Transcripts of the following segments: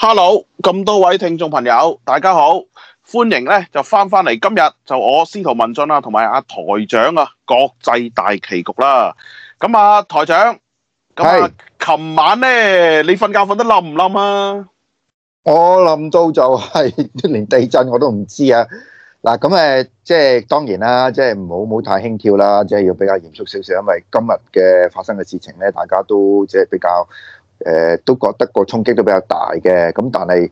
hello，咁多位聽眾朋友，大家好，歡迎咧就返返嚟，今日就我司徒文進啦、啊，同埋阿台長啊，國際大棋局啦，咁啊台長，咁啊，琴是 晚咧你瞓覺瞓得冧唔冧啊？我冧到就係、是、連地震我都唔知啊，嗱、啊，咁誒，即係當然啦，即係唔好好太輕佻啦，即係要比較嚴肅少少，因為今日嘅發生嘅事情咧，大家都即係比較。誒都覺得個衝擊都比較大嘅，咁但係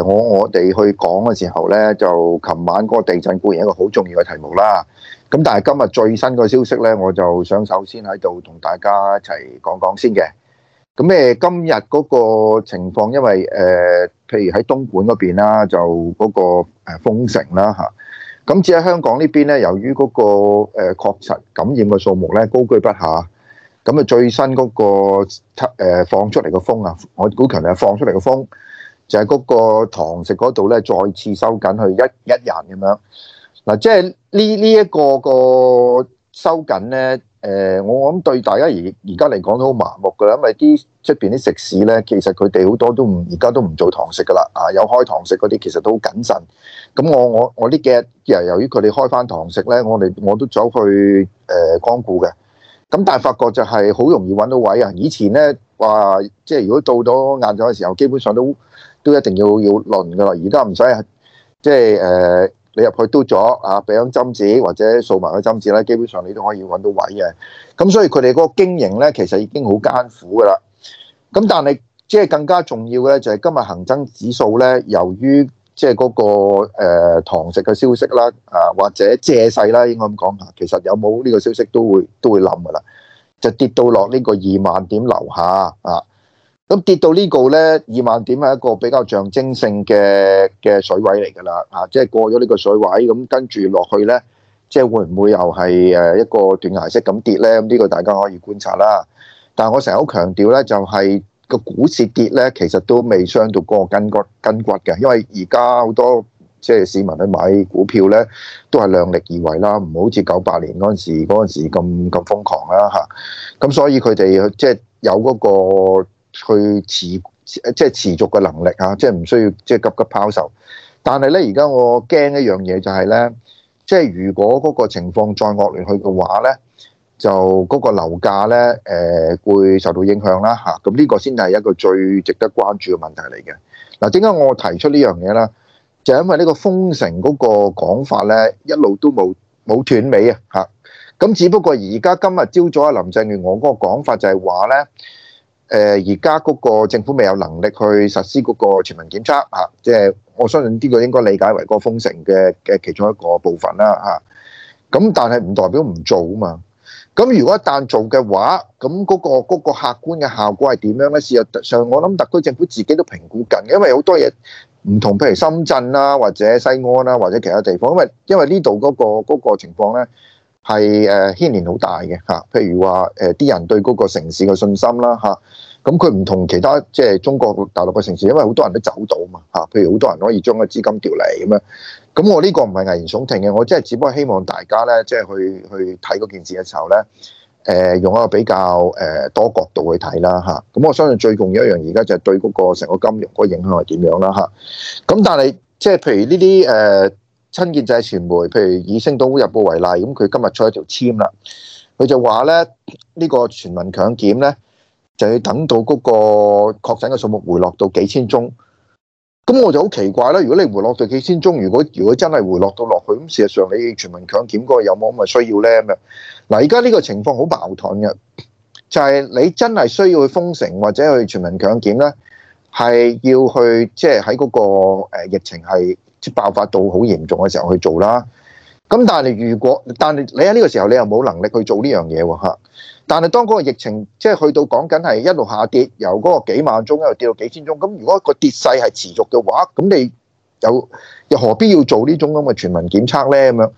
誒我我哋去講嘅時候咧，就琴晚嗰個地震固然一個好重要嘅題目啦。咁但係今日最新嘅消息咧，我就想首先喺度同大家一齊講講先嘅。咁誒今日嗰個情況，因為誒譬如喺東莞嗰邊啦，就嗰個誒封城啦嚇。咁至於香港呢邊咧，由於嗰個誒確實感染嘅數目咧高居不下。咁啊，最新嗰個誒放出嚟個風啊，我估強就放出嚟個風，就係、是、嗰個堂食嗰度咧，再次收緊去一一人咁樣。嗱、這個，即係呢呢一個個收緊咧，誒，我諗對大家而而家嚟講都好麻木噶啦，因為啲出邊啲食肆咧，其實佢哋好多都唔而家都唔做堂食噶啦，啊，有開堂食嗰啲其實都好謹慎。咁我我我啲 g e 由由於佢哋開翻堂食咧，我哋我都走去誒光顧嘅。咁但係發覺就係好容易揾到位啊！以前咧話，即係如果到咗晏晝嘅時候，基本上都都一定要要輪噶啦。而家唔使，即係誒、呃、你入去嘟咗啊，俾張針紙或者掃埋個針紙咧，基本上你都可以揾到位嘅。咁所以佢哋嗰個經營咧，其實已經好艱苦噶啦。咁但係即係更加重要咧，就係今日恆生指數咧，由於即係嗰個誒堂食嘅消息啦，啊或者借勢啦，應該咁講嚇。其實有冇呢個消息都會都會冧噶啦，就跌到落呢個二萬點樓下啊。咁跌到個呢個咧，二萬點係一個比較象徵性嘅嘅水位嚟噶啦。啊，即係過咗呢個水位，咁跟住落去咧，即係會唔會又係誒一個斷崖式咁跌咧？咁呢個大家可以觀察啦。但係我成日好強調咧，就係、是。個股市跌咧，其實都未傷到嗰個筋骨筋骨嘅，因為而家好多即係、即係、市民去買股票咧，都係量力而為啦，唔好似九八年嗰陣時嗰陣時咁咁瘋狂啦嚇。咁所以佢哋即係有嗰、嗰個去持即係、即係、持續嘅能力啊，即係唔需要即係急急拋售。但係咧，而家我驚一樣嘢就係、係、咧，即、就、係、係、如果嗰個情況再惡劣去嘅話咧。就嗰個樓價咧，誒會受到影響啦嚇。咁呢個先係一個最值得關注嘅問題嚟嘅嗱。點解我提出呢樣嘢呢？就因為呢個封城嗰個講法咧，一路都冇冇斷尾啊嚇。咁只不過而家今日朝早阿林鄭月娥嗰個講法就係話咧，誒而家嗰個政府未有能力去實施嗰個全民檢測啊，即係我相信呢個應該理解為嗰個封城嘅嘅其中一個部分啦嚇。咁但係唔代表唔做啊嘛。咁如果一旦做嘅話，咁嗰、嗰個嗰個客觀嘅效果係點樣呢？事實上，我諗特區政府自己都評估緊，因為好多嘢唔同，譬如深圳啦、啊，或者西安啦、啊，或者其他地方，因為因為呢度嗰個嗰個情況呢，係誒牽連好大嘅嚇。譬如話誒啲人對嗰個城市嘅信心啦嚇，咁佢唔同其他即係中國大陸嘅城市，因為好多人都走到嘛嚇、啊，譬如好多人可以將個資金調嚟咁啊。咁我呢個唔係危言聳聽嘅，我真係只不過希望大家咧，即係去去睇嗰件事嘅時候咧，誒、呃、用一個比較誒、呃、多角度去睇啦嚇。咁、啊、我相信最重要一樣而家就係對嗰個成個金融嗰個影響係點樣啦嚇。咁、啊、但係即係譬如呢啲誒親建制傳媒，譬如以星島日報為例，咁佢今日出一條簽啦，佢就話咧呢、呢個全民強檢咧，就要等到嗰個確診嘅數目回落到幾千宗。咁我就好奇怪啦。如果你回落到幾千宗，如果如果真係回落到落去，咁事實上你全民強檢嗰個有冇咁嘅需要呢咩？嗱，而家呢個情況好矛盾嘅，就係、是、你真係需要去封城或者去全民強檢呢，係要去即係喺嗰個疫情係即爆發到好嚴重嘅時候去做啦。咁但係如果但係你喺呢個時候，你又冇能力去做呢樣嘢喎，但係當嗰個疫情即係去到講緊係一路下跌，由嗰個幾萬宗一路跌到幾千宗，咁如果個跌勢係持續嘅話，咁你又又何必要做呢種咁嘅全民檢測呢？咁樣，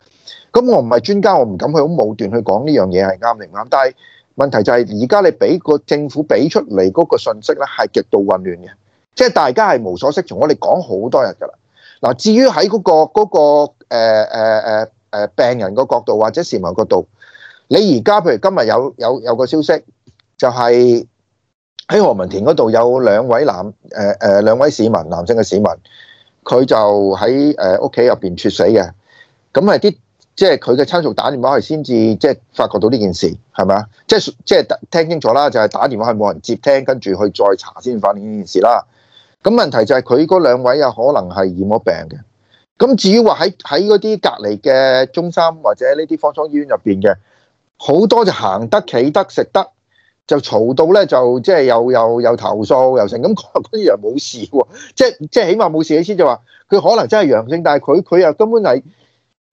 咁我唔係專家，我唔敢去武斷去講呢樣嘢係啱定唔啱。但係問題就係而家你俾個政府俾出嚟嗰個信息呢，係極度混亂嘅，即係大家係無所適從，我哋講好多日㗎啦。嗱，至於喺嗰個嗰個誒誒誒誒病人個角度或者市民角度。你而家譬如今日有有有個消息，就係喺何文田嗰度有兩位男，誒誒兩位市民，男性嘅市民，佢就喺誒屋企入邊猝死嘅。咁係啲即係佢嘅親屬打電話去先至即係發覺到呢件事，係咪啊？即係即係聽清楚啦，就係打電話去冇人接聽，跟住去再查先發現呢件事啦。咁問題就係佢嗰兩位有可能係染咗病嘅。咁至於話喺喺嗰啲隔離嘅中心或者呢啲方艙醫院入邊嘅。好多就行得企得食得，就嘈到咧就即係又又又投訴又成咁嗰嗰啲人冇事即係即係起碼冇事嘅意思，就話、是、佢、就是、可能真係陽性，但係佢佢又根本係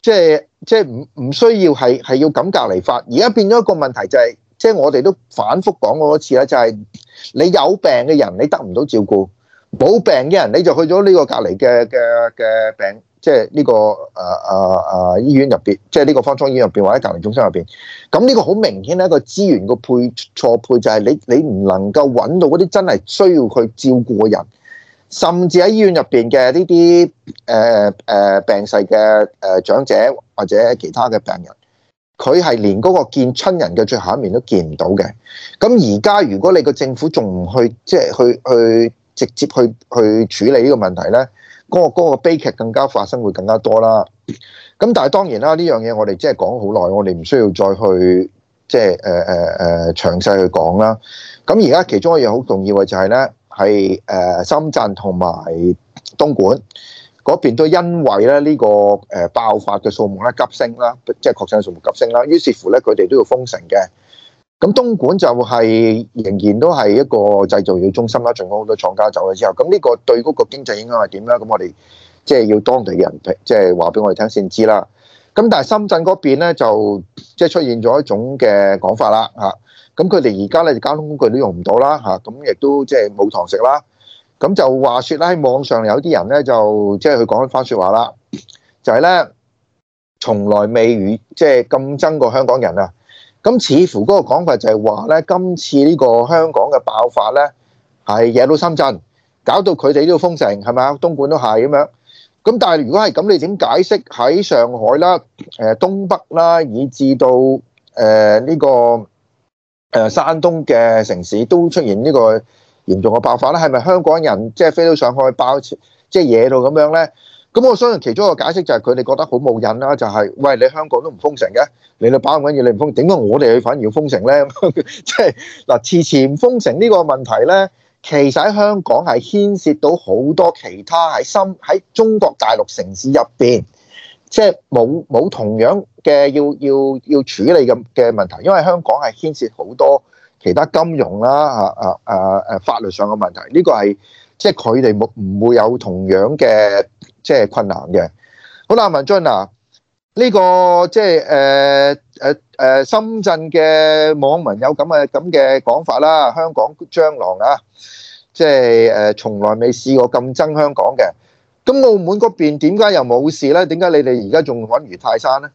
即係即係唔唔需要係係要咁隔離法，而家變咗一個問題、就是，就係即係我哋都反覆講過一次啦，就係、是、你有病嘅人你得唔到照顧；冇病嘅人你就去咗呢個隔離嘅嘅嘅病。即係、這、呢個誒誒誒醫院入邊，即係呢個方艙醫院入邊或者隔離中心入邊，咁呢個好明顯一個資源個配錯配就，就係你你唔能夠揾到嗰啲真係需要去照顧嘅人，甚至喺醫院入邊嘅呢啲誒誒病逝嘅誒長者或者其他嘅病人，佢係連嗰個見親人嘅最後一面都見唔到嘅。咁而家如果你個政府仲唔去即係去去，去直接去去處理呢個問題咧？嗰個悲劇更加發生會更加多啦，咁但係當然啦，呢樣嘢我哋即係講好耐，我哋唔需要再去即係誒誒誒詳細去講啦。咁而家其中一樣好重要嘅就係、是、咧，係誒、呃、深圳同埋東莞嗰邊都因為咧呢個誒爆發嘅數目咧急升啦，即係確診數目急升啦、就是，於是乎咧佢哋都要封城嘅。咁東莞就係仍然都係一個製造業中心啦，仲有好多廠家走咗之後，咁呢個對嗰個經濟影響係點啦？咁我哋即係要當地嘅人即係話俾我哋聽先知啦。咁但係深圳嗰邊咧就即係出現咗一種嘅講法啦，吓咁佢哋而家咧交通工具都用唔到啦，吓咁亦都即係冇堂食啦。咁就話說啦，喺網上有啲人咧就即係佢講返說話啦，就係咧從來未與即係咁憎過香港人啊！咁似乎嗰個講法就係話咧，今次呢個香港嘅爆發咧，係惹到深圳，搞到佢哋都要封城，係咪啊？東莞都係咁樣。咁但係如果係咁，你點解釋喺上海啦、誒、呃、東北啦，以至到誒呢、呃這個誒、呃、山東嘅城市都出現呢個嚴重嘅爆發咧？係咪香港人即係飛到上海爆，即係惹到咁樣咧？咁我相信其中一個解釋就係佢哋覺得好冇癮啦，就係，喂，你香港都唔封城嘅，你老闆唔緊要你唔封，點解我哋去反而要封城呢？即係嗱，次前封城呢個問題呢，其實喺香港係牽涉到好多其他喺深喺中國大陸城市入邊，即係冇冇同樣嘅要要要處理嘅嘅問題，因為香港係牽涉好多其他金融啦啊啊啊誒法律上嘅問題，呢個係即係佢哋冇唔會有同樣嘅。即係困難嘅。好啦，文進啊，呢個即係誒誒誒深圳嘅網民有咁嘅咁嘅講法啦。香港蟑螂啊，即係誒從來未試過咁憎香港嘅。咁澳門嗰邊點解又冇事咧？點解你哋而家仲穩如泰山咧？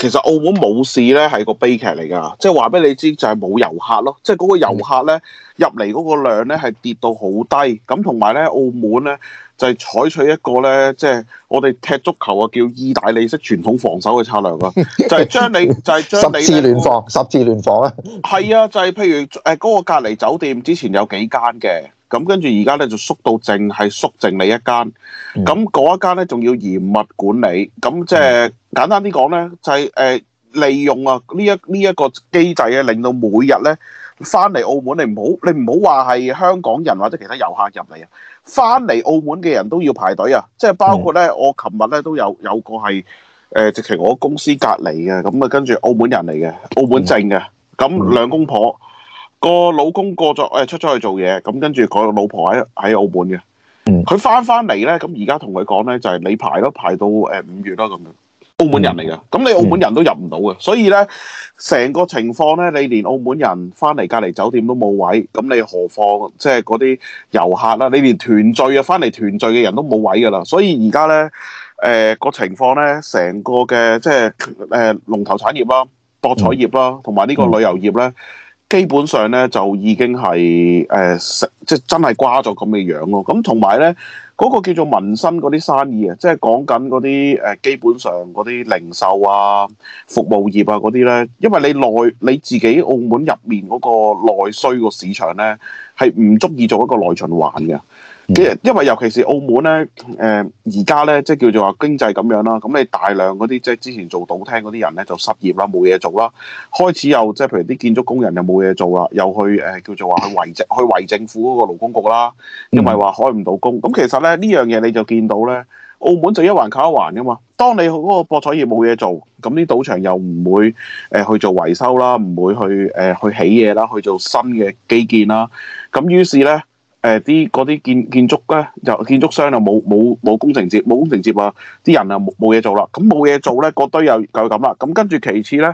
其實澳門冇事咧，係個悲劇嚟噶，即係話俾你知就係冇遊客咯，即係嗰個遊客咧入嚟嗰個量咧係跌到好低，咁同埋咧澳門咧就係、是、採取一個咧即係我哋踢足球啊叫意大利式傳統防守嘅策略啦， 就係、是、將你就係將你十字聯防，十字聯防啊，係啊，就係、是、譬如誒嗰、那個隔離酒店之前有幾間嘅。咁跟住而家咧就縮到淨係縮淨你一間，咁嗰一間咧仲要嚴密管理，咁即係簡單啲講咧就係、是、誒利用啊呢一呢一個機制啊，令到每日咧翻嚟澳門你唔好你唔好話係香港人或者其他遊客入嚟啊，翻嚟澳門嘅人都要排隊啊，即係包括咧我琴日咧都有有個係誒、呃、直情我公司隔離嘅，咁啊跟住澳門人嚟嘅澳門證嘅，咁兩公婆。個老公過咗誒，出咗去做嘢，咁跟住個老婆喺喺澳門嘅，佢翻翻嚟咧，咁而家同佢講咧就係、是、你排都排到誒五月啦。咁樣。澳門人嚟噶，咁、嗯、你澳門人都入唔到嘅，所以咧成個情況咧，你連澳門人翻嚟隔篱酒店都冇位，咁你何況即係嗰啲遊客啦？你連團聚啊翻嚟團聚嘅人都冇位噶啦，所以而家咧誒個情況咧，成個嘅即係誒龍頭產業啦，博彩業啦，同埋呢個旅遊業咧。基本上咧就已經係誒、呃、即係真係瓜咗咁嘅樣咯。咁同埋咧嗰個叫做民生嗰啲生意啊，即係講緊嗰啲誒基本上嗰啲零售啊、服務業啊嗰啲咧，因為你內你自己澳門入面嗰個內需個市場咧，係唔足以做一個內循環嘅。因為尤其是澳門咧，誒而家咧，即係叫做話經濟咁樣啦，咁你大量嗰啲即係之前做賭廳嗰啲人咧就失業啦，冇嘢做啦，開始又即係譬如啲建築工人又冇嘢做啦，又去誒、呃、叫做話去維直去維政府嗰個勞工局啦，因為話開唔到工。咁其實咧呢樣嘢你就見到咧，澳門就一環靠一環噶嘛。當你嗰個博彩業冇嘢做，咁啲賭場又唔會誒、呃、去做維修啦，唔會去誒、呃、去起嘢啦，去做新嘅基建啦。咁於是咧。誒啲嗰啲建建築咧，就建築商就冇冇冇工程接，冇工程接啊！啲人啊冇冇嘢做啦，咁冇嘢做咧，個堆又就咁啦。咁跟住其次咧，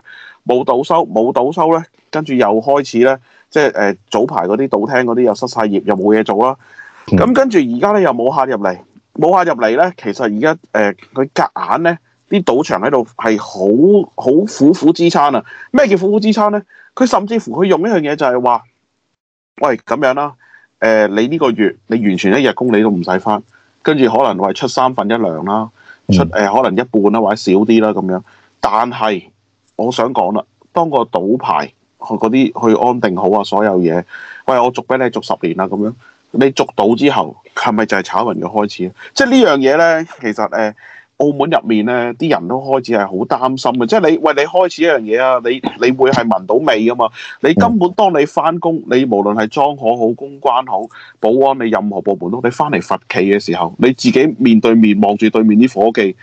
冇賭收，冇賭收咧，跟住又開始咧，即係誒、呃、早排嗰啲賭廳嗰啲又失晒業，又冇嘢做啦。咁跟住而家咧又冇客入嚟，冇客入嚟咧，其實而家誒佢隔硬咧，啲賭場喺度係好好苦苦支撐啊！咩叫苦苦支撐咧？佢甚至乎佢用一樣嘢就係、是、話，喂咁樣啦、啊。誒、呃，你呢個月你完全一日公里都唔使返，跟住可能話出三份一糧啦，出誒、呃、可能一半啦或者少啲啦咁樣，但係我想講啦，當個賭牌，嗰啲去安定好啊所有嘢，喂我續俾你續十年啦咁樣，你續到之後係咪就係炒雲嘅開始？即係呢樣嘢咧，其實誒。呃澳門入面咧，啲人都開始係好擔心嘅，即係你，喂你開始一樣嘢啊，你你會係聞到味㗎嘛？你根本當你返工，你無論係莊荷好、公關好、保安，你任何部門都，你返嚟罰企嘅時候，你自己面對面望住對面啲伙計，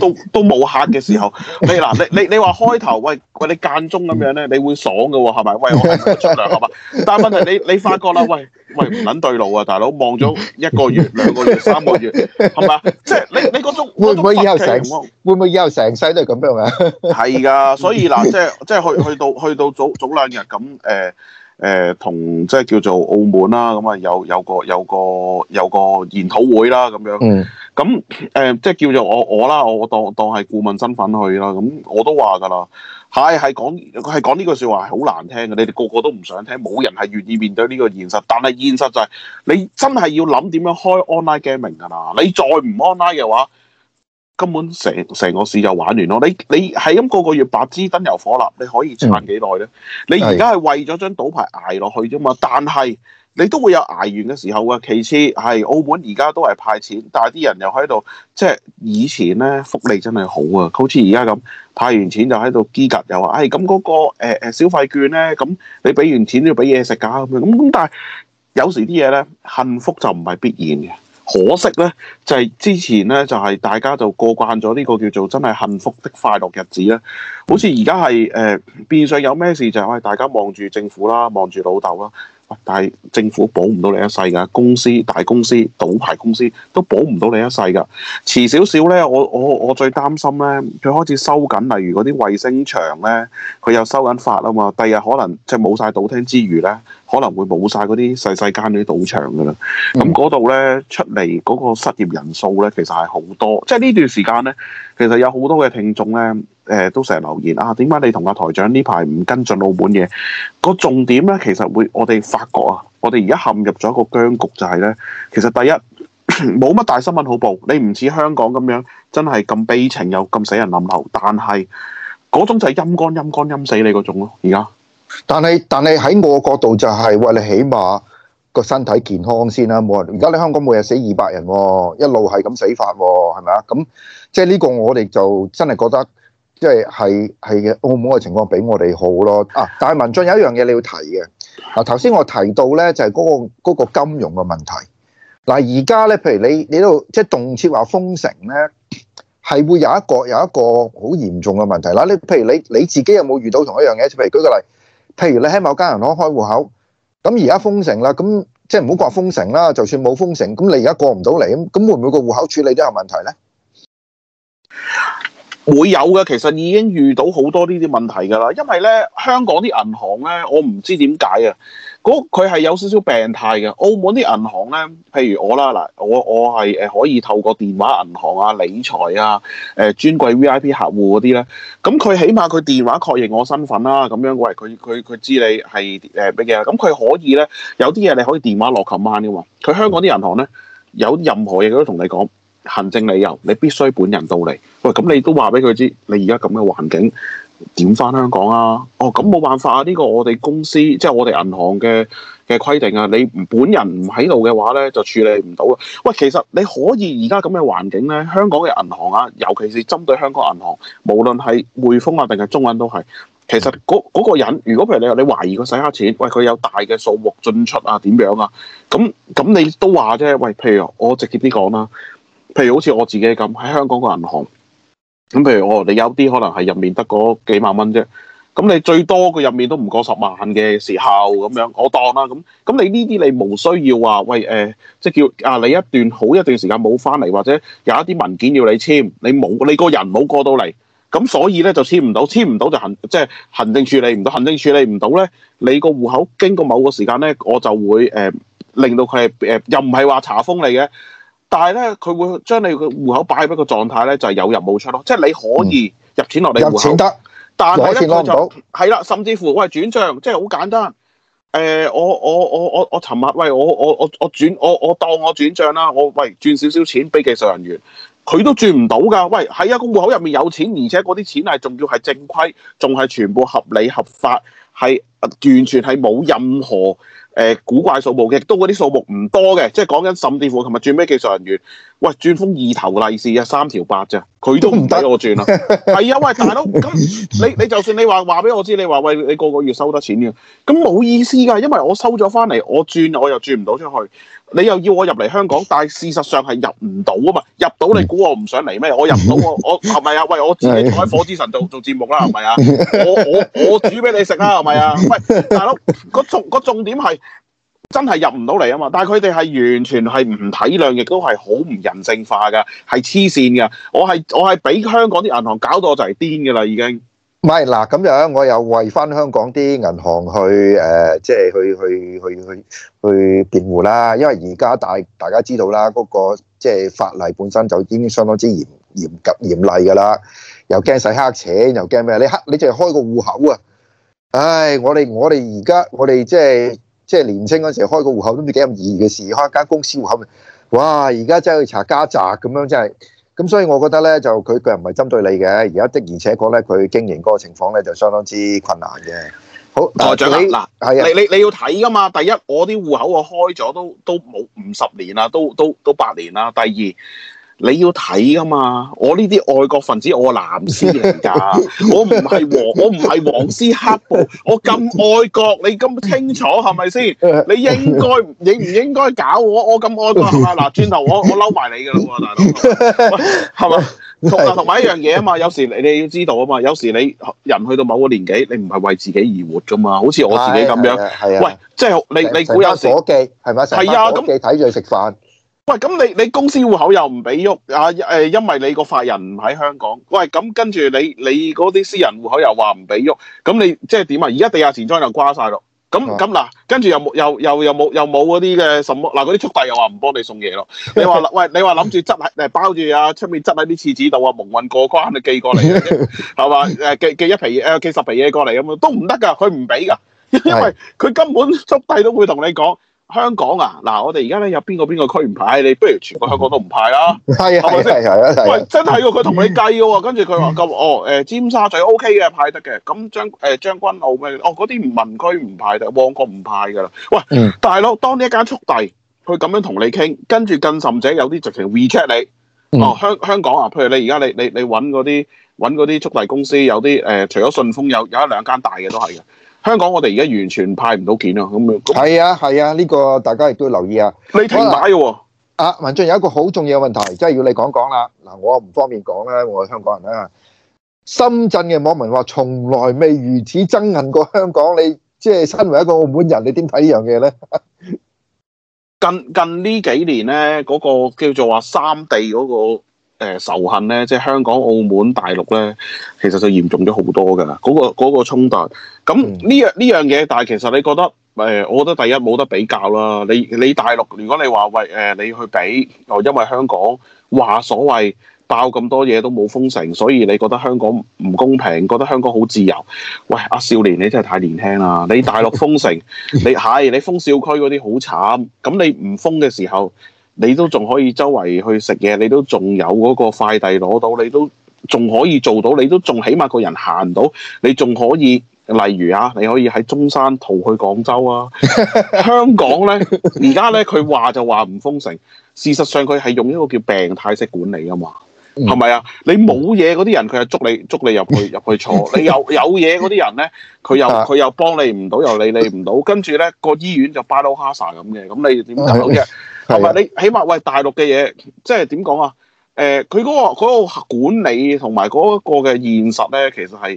都都冇客嘅時候，你嗱，你你你話開頭，喂喂，你間中咁樣咧，你會爽㗎喎，哦，係咪？喂，我唔出糧？係嘛？但係問題你你，你發覺啦，喂。喂，唔撚對路啊，大佬！望咗一個月、兩個月、三個月，係嘛？即係你你嗰種會唔會以後成，會唔會以後成世都係咁樣啊？係 噶，所以嗱，即係即係去去到去到早早兩日咁，誒誒同即係叫做澳門啦，咁啊有有個有個有個有個研討會啦，咁樣。嗯咁誒、呃，即係叫做我我啦，我當當係顧問身份去啦。咁我都話噶啦，係係講係講呢句説話係好難聽嘅。你哋個個都唔想聽，冇人係願意面對呢個現實。但係現實就係、是、你真係要諗點樣開 online gaming 噶啦。你再唔 online 嘅話，根本成成個市就玩完咯。你你係咁個個月白支燈油火蠟，你可以撐幾耐咧？嗯、你而家係為咗張賭牌捱落去啫嘛。但係你都會有捱完嘅時候啊！其次係澳門而家都係派錢，但係啲人又喺度即係以前咧福利真係好啊！好似而家咁派完錢就喺度黐格又話，唉、哎，咁嗰、那個誒誒、呃、消費券咧，咁你俾完錢都要俾嘢食㗎咁樣咁。但係有時啲嘢咧幸福就唔係必然嘅。可惜咧就係、是、之前咧就係、是、大家就過慣咗呢個叫做真係幸福的快樂日子咧，好似而家係誒變相有，有咩事就係、是、大家望住政府啦，望住老豆啦。但係政府保唔到你一世噶公司、大公司、賭牌公司都保唔到你一世噶遲少少咧，我我我最擔心咧，佢開始收緊，例如嗰啲衛星場咧，佢又收緊法啊嘛。第日可能即係冇晒賭廳之餘咧，可能會冇晒嗰啲細細間嗰啲賭場噶啦。咁嗰度咧出嚟嗰個失業人數咧，其實係好多。即係呢段時間咧。其實有好多嘅聽眾咧，誒、呃、都成日留言啊，點解你同阿台長呢排唔跟進澳門嘢？個重點咧，其實會我哋發覺啊，我哋而家陷入咗一個僵局，就係咧，其實第一冇乜 大新聞好報，你唔似香港咁樣真係咁悲情又咁死人冧樓，但係嗰種就係陰乾、陰乾、陰死你嗰種咯。而家，但係但係喺我角度就係、是，哇！你起碼～個身體健康先啦，啊，冇而家你香港每日死二百人，啊，一路係咁死法，係咪啊？咁即係呢個我哋就真係覺得，即係係係澳門嘅情況比我哋好咯。啊，但係文進有一樣嘢你要提嘅嗱，頭、啊、先我提到咧就係、是、嗰、嗰個、嗰個金融嘅問題。嗱、啊，而家咧，譬如你你度即係動輒話、啊、封城咧，係會有一個有一個好嚴重嘅問題。嗱、啊，你譬如你你自己有冇遇到同一樣嘢？譬如舉個例，譬如你喺某間銀行開戶口。咁而家封城啦，咁即係唔好話封城啦，就算冇封城，咁你而家過唔到嚟，咁咁會唔會個戶口處理都有問題呢？會有噶，其實已經遇到好多呢啲問題噶啦，因為呢，香港啲銀行呢，我唔知點解啊。佢係有少少病態嘅，澳門啲銀行咧，譬如我啦，嗱，我我係誒可以透過電話銀行啊、理財啊、誒、呃、尊貴 V.I.P 客戶嗰啲咧，咁、嗯、佢起碼佢電話確認我身份啦、啊，咁樣嘅佢佢佢知你係誒乜嘢，咁、呃、佢、嗯、可以咧有啲嘢你可以電話落琴晚嘅嘛，佢香港啲銀行咧有任何嘢佢都同你講，行政理由你必須本人到嚟，喂，咁、嗯嗯、你都話俾佢知，你而家咁嘅環境。點翻香港啊？哦，咁冇辦法啊！呢個我哋公司即係我哋銀行嘅嘅規定啊。你本人唔喺度嘅話咧，就處理唔到啦。喂，其實你可以而家咁嘅環境咧，香港嘅銀行啊，尤其是針對香港銀行，無論係匯豐啊定係中銀都係。其實嗰個、嗰、嗰個人，如果譬如你話你懷疑佢洗黑錢，喂佢有大嘅數目進出啊，點樣啊？咁咁你都話啫。喂，譬如我直接啲講啦，譬如好似我自己咁喺香港個銀行。咁譬如我，你有啲可能係入面得嗰幾萬蚊啫，咁你最多個入面都唔過十萬嘅時候咁樣，我當啦、啊、咁。咁你呢啲你無需要話喂，誒、呃，即係叫啊，你一段好一段時間冇翻嚟，或者有一啲文件要你簽，你冇你個人冇過到嚟，咁所以咧就簽唔到，簽唔到就行，即、就、係、是、行政處理唔到，行政處理唔到咧，你個戶口經過某個時間咧，我就會誒、呃、令到佢係誒又唔係話查封你嘅。但係咧，佢會將你個戶口擺喺一個狀態咧，就係、是、有入冇出咯。即係你可以入錢落你戶口得，但係咧佢就係啦。甚至乎喂，轉帳，即係好簡單。誒、呃，我我我我我尋日喂，我我我我轉我我，我，我當我轉帳啦。我喂轉少少錢俾技術人員，佢都轉唔到㗎。喂，喺一個戶口入面有錢，而且嗰啲錢係仲要係正規，仲係全部合理合法，係完全係冇任何。誒、呃、古怪數目嘅，都嗰啲數目唔多嘅，即係講緊甚至乎，琴日轉俾技術人員。喂，轉風二頭利是啊，三條八啫，佢都唔畀我轉啦。係啊不， 喂，大佬，咁你你就算你話話俾我知，你話喂，你個個月收得錢嘅，咁冇意思噶，因為我收咗翻嚟，我轉我又轉唔到出去，你又要我入嚟香港，但係事實上係入唔到啊嘛，入到你估我唔想嚟咩？我入唔到我我係咪啊？喂，我自己坐喺火之神做做節目啦，係咪啊？我我我煮俾你食啦，係咪啊？喂，大佬，嗰重嗰重點係。真係入唔到嚟啊嘛！但係佢哋係完全係唔體諒，亦都係好唔人性化嘅，係黐線嘅。我係我係俾香港啲銀行搞到我就嚟癲嘅啦，已經唔係嗱咁樣，我又為翻香港啲銀行去誒、呃，即係去去去去去辯護啦。因為而家大大家知道啦，嗰、嗰個即係法例本身就已經相當之嚴嚴格嚴厲噶啦，又驚洗黑錢，又驚咩？你黑你淨係開個戶口啊！唉，我哋我哋而家我哋即係。即係年青嗰時開個戶口都唔知幾咁易嘅事，開一間公司戶口，哇！而家真係要查家宅咁樣真，真係咁，所以我覺得咧，就佢個人唔係針對你嘅。而家的而且確咧，佢經營嗰個情況咧就相當之困難嘅。好，嗱，長兄，嗱，係啊，你你你要睇噶嘛？第一，我啲戶口我開咗都都冇五十年啦，都都都八年啦。第二。你要睇噶嘛？我呢啲愛國分子，我藍絲嚟㗎，我唔係黃，我唔係黃絲黑暴，我咁愛國，你咁清楚係咪先？你應該應唔應該搞我？我咁愛國係咪？嗱，轉頭我我嬲埋你㗎啦喎，大佬，係咪？同埋一樣嘢啊嘛，有時你你要知道啊嘛，有時你人去到某個年紀，你唔係為自己而活㗎嘛？好似我自己咁樣，係啊，喂，即係你、哎哎、你估有時，係咪啊？係啊，咁睇住你食飯。喂，咁你你公司戶口又唔俾喐啊？誒，因為你個法人唔喺香港。喂，咁跟住你你嗰啲私人戶口又話唔俾喐，咁你即係點啊？而家地下錢莊又瓜晒咯。咁咁嗱，跟住又冇又又又冇又冇嗰啲嘅什麼嗱，嗰啲速遞又話唔幫你送嘢咯。你話，喂，你話諗住執喺誒包住啊，出面執喺啲廁紙度啊，蒙混過關，你寄過嚟係嘛？誒，寄寄一皮嘢誒，寄十皮嘢過嚟咁樣，都唔得噶，佢唔俾噶，因為佢根本速遞都會同你講。香港啊，嗱，我哋而家咧有邊個邊個區唔派，你不如全個香港都唔派啦，係咪先？係啊，喂，真係喎，佢同你計喎，跟住佢話咁， 哦，誒、呃，尖沙咀 OK 嘅，派得嘅，咁將誒將軍澳咩？哦，嗰啲唔民區唔派嘅，旺角唔派㗎啦。喂，嗯、大佬，當呢一間速遞，佢咁樣同你傾，跟住更甚者有啲直情 reject 你。哦，香香港啊，譬如你而家你你你揾嗰啲揾嗰啲速遞公司，有啲誒，除咗順豐有有一，有一，有一，有一，有一兩間大嘅都係嘅。香港，我哋而家完全派唔到件了啊，咁樣。係啊係啊，呢個大家亦都要留意啊。你停擺嘅喎。啊，文進有一個好重要嘅問題，即係要你講講啦。嗱，我唔方便講啦，我係香港人啊。深圳嘅網民話，從來未如此憎恨過香港。你即係身為一個澳門人，你點睇呢樣嘢咧？ 近近呢幾年咧，嗰個叫做話三地嗰個。呃、仇恨咧，即係香港、澳門、大陸咧，其實就嚴重咗好多噶啦。嗰個嗰個衝突，咁呢樣呢樣嘢，但係其實你覺得，誒，我覺得第一冇得比較啦。你你大陸，如果你話喂誒，你去比，哦，因為香港話所謂爆咁多嘢都冇封城，所以你覺得香港唔公平，覺得香港好自由。喂，阿少年，你真係太年輕啦！你大陸封城， 你係你封小區嗰啲好慘，咁你唔封嘅時候。你都仲可以周圍去食嘢，你都仲有嗰個快遞攞到，你都仲可以做到，你都仲起碼個人行到，你仲可以例如啊，你可以喺中山逃去廣州啊， 香港咧而家咧佢話就話唔封城，事實上佢係用一個叫病態式管理啊嘛，係咪、嗯、啊？你冇嘢嗰啲人，佢就捉你捉你入去入去坐；你有有嘢嗰啲人咧，佢又佢又幫你唔到，又理你唔到，跟住咧個醫院就巴羅哈薩咁嘅，咁你點樣諗同埋你？起碼喂大陸嘅嘢，即係點講啊？誒、呃，佢嗰、嗰個嗰個管理同埋嗰個嘅現實咧，其實係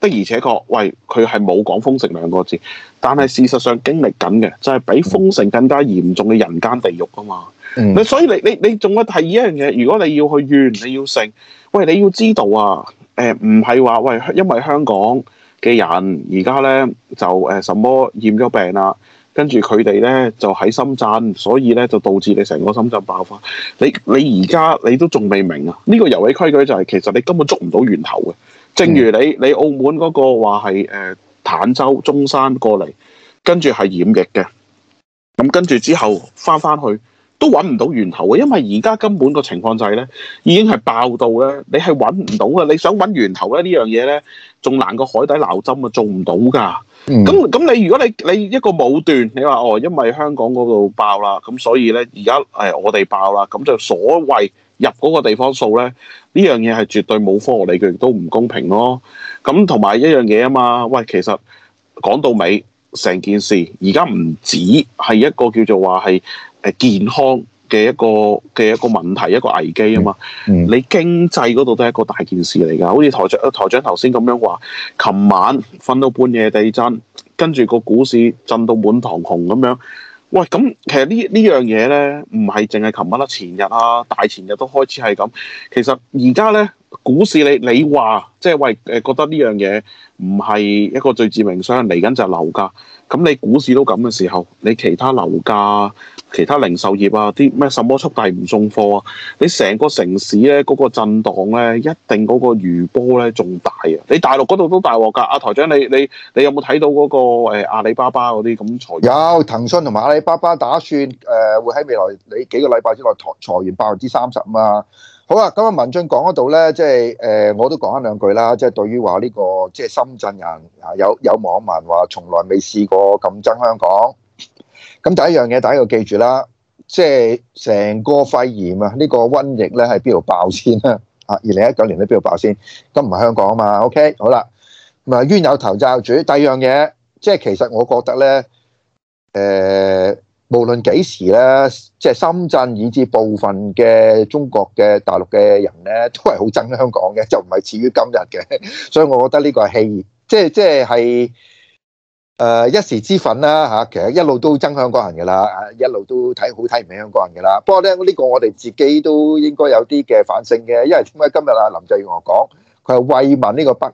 的而且確，喂，佢係冇講封城」兩個字，但係事實上經歷緊嘅就係、是、比封城」更加嚴重嘅人間地獄啊嘛！你、嗯、所以你你你仲要提一樣嘢？如果你要去怨，你要盛，喂，你要知道啊！誒、呃，唔係話喂，因為香港嘅人而家咧就誒、呃、什麼染咗病啦、啊。跟住佢哋呢就喺深圳，所以呢就導致你成個深圳爆發。你你而家你都仲未明啊？呢、這個遊戲規矩就係、是、其實你根本捉唔到源頭嘅。正如你、嗯、你澳門嗰個話係、呃、坦洲中山過嚟，跟住係染疫嘅，咁、嗯、跟住之後翻翻去。都揾唔到源頭啊！因為而家根本個情況就係咧，已經係爆到咧，你係揾唔到啊！你想揾源頭咧，呢樣嘢咧，仲難過海底撈針啊，做唔到㗎。咁咁、嗯、你如果你你一個武斷，你話哦，因為香港嗰度爆啦，咁所以咧而家誒我哋爆啦，咁就所謂入嗰個地方數咧，呢樣嘢係絕對冇科學理據，亦都唔公平咯。咁同埋一樣嘢啊嘛，喂，其實講到尾成件事，而家唔止係一個叫做話係。誒健康嘅一個嘅一個問題，一個危機啊嘛！Mm hmm. 你經濟嗰度都係一個大件事嚟㗎，好似台長台長頭先咁樣話，琴晚瞓到半夜地震，跟住個股市震到滿堂紅咁樣。喂，咁其實呢呢樣嘢咧，唔係淨係琴晚啊，前日啊，大前日都開始係咁。其實而家咧，股市你你話，即係，喂，誒覺得呢樣嘢唔係一個最致命傷，嚟緊就係樓價。咁你股市都咁嘅時候，你其他樓價、其他零售業啊，啲咩什麼速遞唔送貨啊？你成個城市咧，嗰、那個震盪咧，一定嗰個餘波咧仲大啊！你大陸嗰度都大鑊噶，阿、啊、台長，你你你，你有冇睇到嗰、那個誒、呃、阿里巴巴嗰啲咁裁？有，騰訊同埋阿里巴巴打算誒、呃，會喺未來你幾個禮拜之內裁裁員百分之三十啊。好啦，咁啊，文進講嗰度咧，即係誒，我都講一兩句啦。即係對於話呢個即係深圳人啊，有有網民話從來未試過咁憎香港。咁第一樣嘢，大家要記住啦，即係成個肺炎啊，呢個瘟疫咧係邊度爆先咧？啊，二零一九年喺邊度爆先？咁唔係香港啊嘛。OK，好啦，咁啊，冤有頭，債有主。第二樣嘢，即係其實我覺得咧，誒。無論幾時咧，即係深圳以至部分嘅中國嘅大陸嘅人咧，都係好憎香港嘅，就唔係始於今日嘅。所以我覺得呢個係氣，即係即係係誒一時之憤啦，嚇。其實一路都憎香港人噶啦，一路都睇好睇唔起香港人噶啦。不過咧，呢個我哋自己都應該有啲嘅反省嘅，因為點解今日啊林鄭月娥講，佢係慰問呢個北，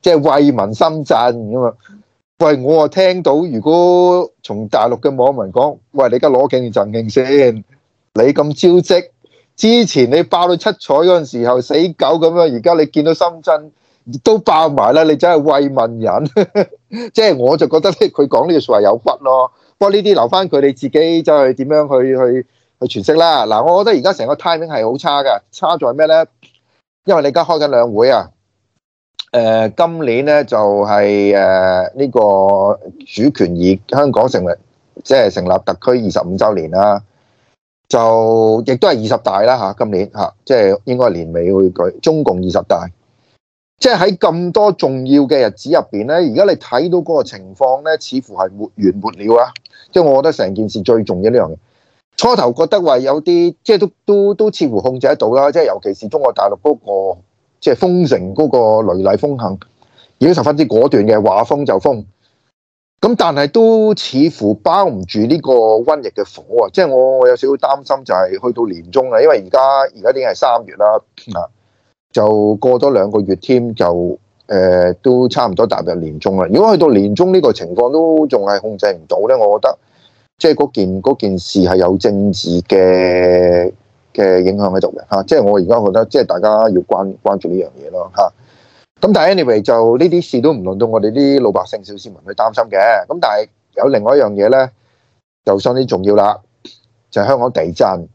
即係慰問深圳咁啊。喂，我啊聽到，如果從大陸嘅網民講，喂，你而家攞景定贈慶先？你咁招積，之前你爆到七彩嗰陣時候死狗咁樣，而家你見到深圳都爆埋啦，你真係慰問人，即 係我就覺得咧，佢講呢個說話有骨咯。不過呢啲留翻佢哋自己即係點樣去去去詮釋啦。嗱，我覺得而家成個 timing 係好差噶，差在咩呢？因為你而家開緊兩會啊。誒、呃，今年咧就係誒呢個主權以香港成立，即係成立特區二十五周年啦，就亦都係二十大啦吓，今年吓、啊，即係應該係年尾會舉中共二十大，即係喺咁多重要嘅日子入邊咧，而家你睇到嗰個情況咧，似乎係沒完沒了啊！即係我覺得成件事最重要呢樣嘢。初頭覺得話有啲即係都都都，都似乎控制得到啦，即係尤其是中國大陸嗰個。即係封城嗰個雷厲風行，已經十分之果斷嘅，話封就封。咁但係都似乎包唔住呢個瘟疫嘅火啊！即係我有少少擔心，就係去到年中啦，因為而家而家已經係三月啦，啊，就過多兩個月添，就誒都差唔多踏入年中啦。如果去到年中呢個情況都仲係控制唔到咧，我覺得即係嗰件嗰件事係有政治嘅。嘅影響喺度嘅嚇，即係我而家覺得，即係大家要關關注呢樣嘢咯嚇。咁、啊、但係 anyway 就呢啲事都唔輪到我哋啲老百姓小市民去擔心嘅。咁、啊、但係有另外一樣嘢咧，就相啲重要啦，就係、是、香港地震。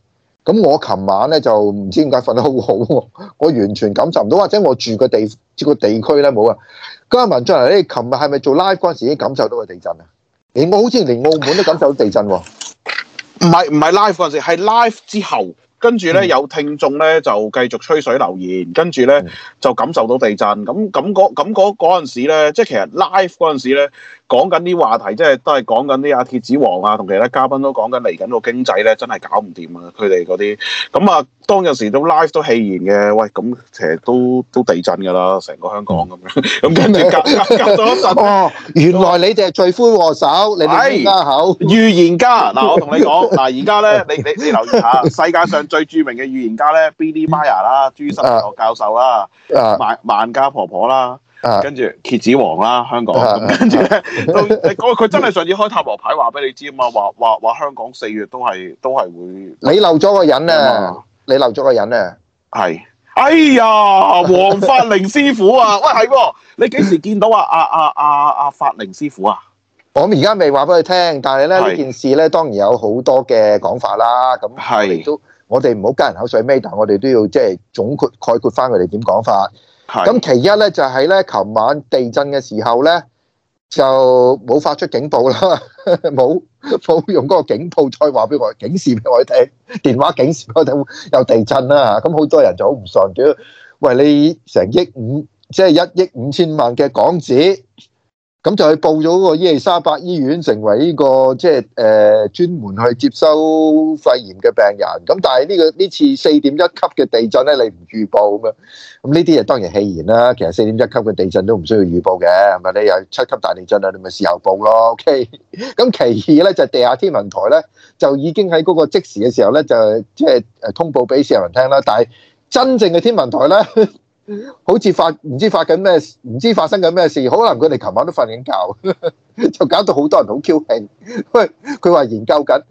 咁我琴晚咧就唔知點解瞓得好好， 我完全感受唔到，或者我住個地住地區咧冇啊。江文俊，嚟，你琴日係咪做 live 嗰陣時已經感受到個地震啊？你我好似連澳門都感受到地震喎、啊，唔係唔係 live 嗰陣時，係 live 之後。跟住咧，有聽眾咧就繼續吹水留言，跟住咧就感受到地震。咁咁嗰咁嗰嗰陣時咧，即係其實 live 嗰陣時咧。講緊啲話題，即係都係講緊啲阿鐵子王啊，同其他嘉賓都講緊嚟緊個經濟咧，真係搞唔掂啊！佢哋嗰啲咁啊，當有時都 live 都戲言嘅，喂咁、嗯、其實都都地震噶啦，成個香港咁樣，咁跟住救救咗神。哦，原來你哋係罪魁禍首，你啲家好預言家。嗱， 我同你講嗱，而家咧，你你你留意下世界上最著名嘅預言家咧 Billy Meyer 啦， Meyer，朱塞洛教授啦，萬萬、啊啊、家婆婆啦。啊，跟住蠍子王啦，香港，跟住咧佢真係上次開塔羅牌話俾你知啊嘛，話話話香港四月都係都係會，你漏咗個人啊，你漏咗個人啊，係，哎呀，黃發靈師傅啊，喂係，你幾時見到啊？阿阿阿阿發靈師傅啊？我哋而家未話俾佢聽，但係咧呢件事咧，當然有好多嘅講法啦，咁，係都，我哋唔好加人口水咩？但係我哋都要即係總括概括翻佢哋點講法。咁其一咧就係咧，琴晚地震嘅時候咧，就冇發出警報啦，冇冇用嗰個警報再話俾我哋，警示俾我哋聽，電話警示俾我哋聽，又地震啦嚇。咁好多人就好唔信，主要餵你成億五，即係一億五千萬嘅港紙。咁就去報咗個伊利沙伯醫院，成為呢個即係誒專門去接收肺炎嘅病人。咁但係呢、呢個呢次四點一級嘅地震咧，你唔預報咁樣？咁呢啲嘢當然戲言啦。其實四點一級嘅地震都唔需要預報嘅，係咪？你又七級大地震啊？你咪時候報咯。OK。咁其二咧就係、地下天文台咧，就已經喺嗰個即時嘅時候咧，就即係誒通報俾市民聽啦。但係真正嘅天文台咧。 好似發唔知發緊咩，唔知發生緊咩事，可能佢哋琴晚都瞓緊覺呵呵，就搞到好多人好嬌興。喂，佢話研究緊。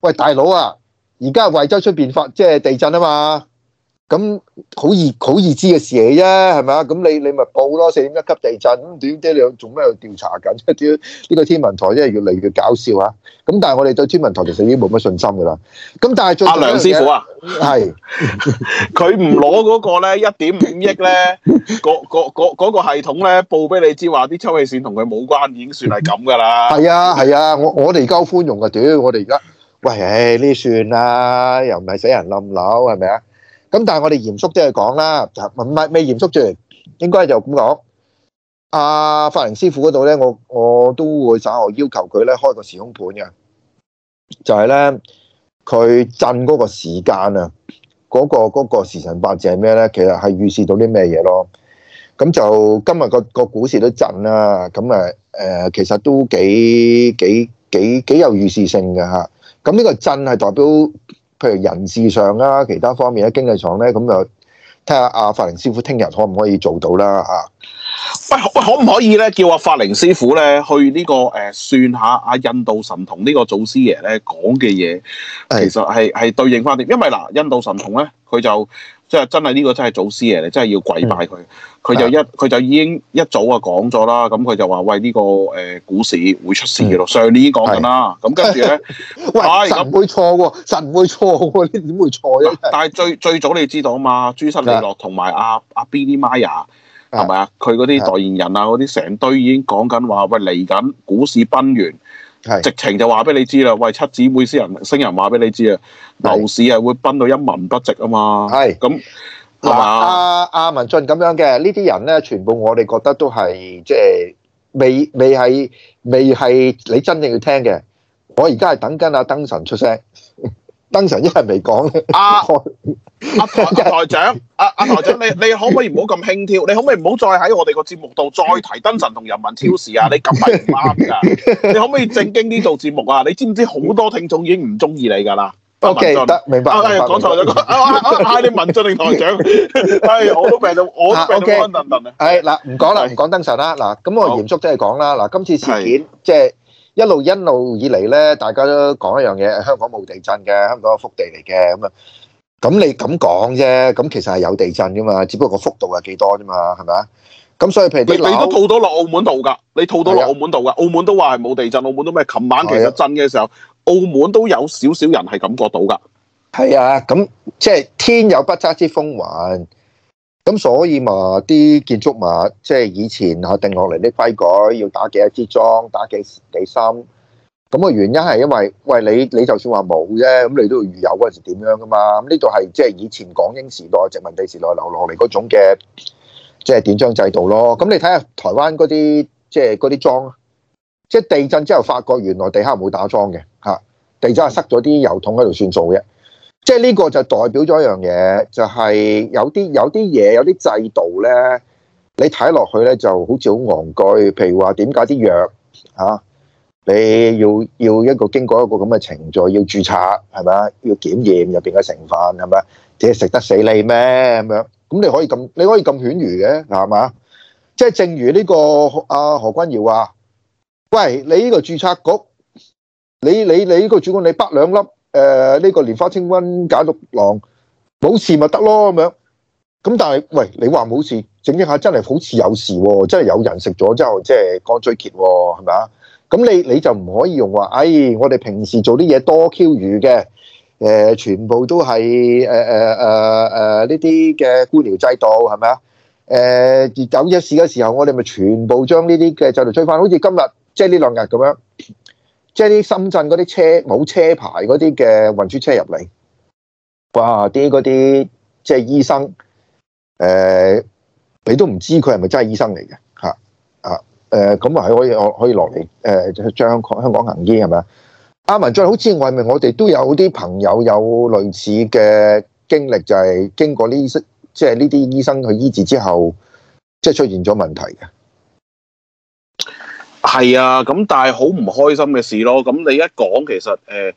喂，大佬啊，而家惠州出邊發即係地震啊嘛！咁好易好易知嘅事嚟啫，係咪啊？咁你你咪報咯，四點一級地震，點知你做咩去調查緊？屌呢個天文台真係越嚟越搞笑啊！咁但係我哋對天文台就已經冇乜信心噶啦。咁但係阿梁師傅啊，係佢唔攞嗰個咧一點五億咧，嗰嗰嗰嗰個系統，咧報俾你知話啲抽氣扇同佢冇關，已經算係咁噶啦。係啊係啊，我我哋交寬容啊！屌我哋而家喂，唉呢算啦，又唔係死人冧樓係咪啊？咁但係我哋嚴肅即係講啦，唔唔係未嚴肅住，應該就咁講。阿、啊、法靈師傅嗰度咧，我我都會稍後要求佢咧開個時空盤嘅，就係咧佢震嗰個時間啊，嗰、嗰個嗰、嗰個、時辰八字係咩咧？其實係預示到啲咩嘢咯。咁就今日個、嗰個股市都震啦、啊，咁誒誒，其實都幾幾幾幾有預示性嘅嚇。咁呢個震係代表？譬如人事上啊，其他方面嘅、啊、經濟上咧，咁就睇下阿法靈師傅聽日可唔可以做到啦？嚇！喂喂，可唔可以咧，叫阿法靈師傅咧去、這個啊、個呢個誒算下阿印度神童呢個祖師爺咧講嘅嘢，其實係係對應翻啲，因為嗱，印度神童咧佢就。即係真係呢個真係祖師爺你真係要跪拜佢。佢、嗯、就一佢就已經一早就講咗啦。咁佢的、嗯、就話：喂，呢、這個誒股市會出事嘅咯。嗯、上年已經講緊啦。咁的跟住咧， 喂，哎、神唔會錯喎、啊，神唔會錯喎，你點會錯啊？錯啊，但係最最早你知道啊嘛，朱新力落同埋阿阿 Billionaire 係咪啊？佢嗰啲代言人啊，嗰啲成堆已經講緊話：喂，嚟緊股市崩盤。係是直情就話俾你知啦，喂七姊妹星人星人話俾你知啊，是樓市係會崩到一文不值啊嘛。係咁，阿阿文進咁樣嘅呢啲人咧，全部我哋覺得都係即係未未係未係你真正要聽嘅。我而家係等緊阿登神出聲。燈神一係未講啊！阿台台長，阿阿台長，你你可唔可以唔好咁輕佻？你可唔可以唔好再喺我哋個節目度再提燈神同人民超市啊？你咁咪唔啱㗎？你可唔可以正經啲做節目啊？你知唔知好多聽眾已經唔中意你㗎啦？文進明白。講錯咗，我嗌你文進定台長？係，我都病到我坐昏頓頓啊！係嗱，唔講啦，唔講燈神啦。嗱，咁我嚴肅即係講啦。嗱，今次事件即係。一路一路以嚟咧，大家都講一樣嘢，香港冇地震嘅，香港係福地嚟嘅咁啊。咁你咁講啫，咁其實係有地震嘅嘛，只不過個幅度係幾多啫嘛，係咪啊？咁所以譬如你都套到落澳門度噶，你套到落澳門度噶，啊、澳門都話係冇地震，澳門都咩？琴晚其實震嘅時候，啊、澳門都有少少人係感覺到噶。係啊，咁即係天有不測之風雲。咁所以嘛，啲建築物即係、就是、以前啊定落嚟啲規矩要打幾多支樁，打幾幾深。咁嘅原因係因為，喂你你就算話冇啫，咁你都要預有嗰陣時點樣噶嘛？咁呢度係即係以前港英時代、殖民地時代流落嚟嗰種嘅，即、就、係、是、典章制度咯。咁你睇下台灣嗰啲，即係嗰啲樁，即係地震之後發覺原來地下唔冇打樁嘅，吓地震係塞咗啲油桶喺度算數嘅。即係呢個就代表咗一樣嘢，就係有啲有啲嘢，有啲制度咧，你睇落去咧就好似好戇居。譬如話點解啲藥吓，你要要一個經過一個咁嘅程序，要註冊係咪啊？要檢驗入邊嘅成分係咪？即係食得死你咩咁樣？咁你可以咁你可以咁犬儒嘅係嘛？即係正如呢個阿何君堯話，喂，你呢個註冊局，你你你呢個主管，你撥兩粒。誒呢、呃這個蓮花清瘟解毒囊冇事咪得咯咁樣，咁但係喂你話冇事，整，整一下真係好似有事喎、啊，真係有人食咗之後即係乾嘴竭喎，係咪啊？咁你你就唔可以用話，哎，我哋平時做啲嘢多 Q 餘嘅，誒、呃、全部都係誒誒誒誒呢啲嘅官僚制度係咪啊？誒、呃、有嘢事嘅時候，我哋咪全部將呢啲嘅制度推翻，好似今日即係呢兩日咁樣。即係啲深圳嗰啲車冇車牌嗰啲嘅運輸車入嚟，哇！啲嗰啲即係醫生，誒、呃，你都唔知佢係咪真係醫生嚟嘅吓啊？誒、呃，咁啊，可以可可以落嚟誒，將、呃、港香港行醫係咪阿文？文再好似係咪我哋都有啲朋友有類似嘅經歷，就係經過啲即係呢啲醫生去醫治之後，即係出現咗問題嘅。係啊，咁但係好唔開心嘅事咯。咁、嗯、你一講，其實誒，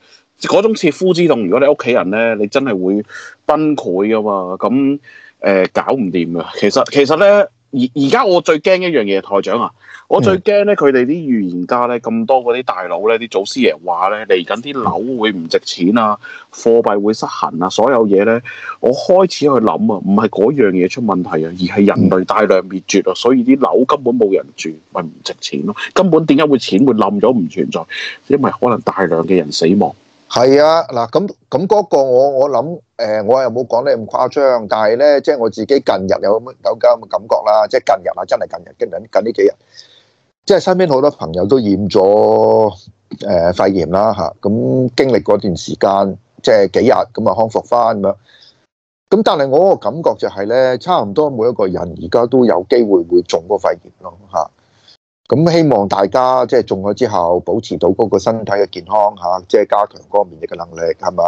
嗰、呃、種切膚之痛，如果你屋企人咧，你真係會崩潰㗎嘛。咁誒、呃，搞唔掂啊。其實其實咧。而而家我最驚一樣嘢，台長啊，我最驚咧，佢哋啲預言家咧，咁多嗰啲大佬咧，啲祖師爺話咧，嚟緊啲樓會唔值錢啊，貨幣會失衡啊，所有嘢咧，我開始去諗啊，唔係嗰樣嘢出問題啊，而係人類大量滅絕啊，所以啲樓根本冇人住，咪唔值錢咯。根本點解會錢會冧咗唔存在？因為可能大量嘅人死亡。係啊，嗱咁咁嗰個我我諗，誒、呃、我又冇講得咁誇張，但係咧即係我自己近日有咁有咁嘅感覺啦，即、就、係、是、近日啊，真係近日近日近呢幾日、日、日、日、日，即係身邊好多朋友都染咗誒肺炎啦吓，咁、呃呃、經歷嗰段時間即係幾日，咁啊康復翻咁樣，咁但係我個感覺就係咧，差唔多每一個人而家都有機會會中嗰個肺炎咯吓。啊咁希望大家即係中咗之後，保持到嗰個身體嘅健康吓，即係加強嗰個免疫嘅能力，係嘛？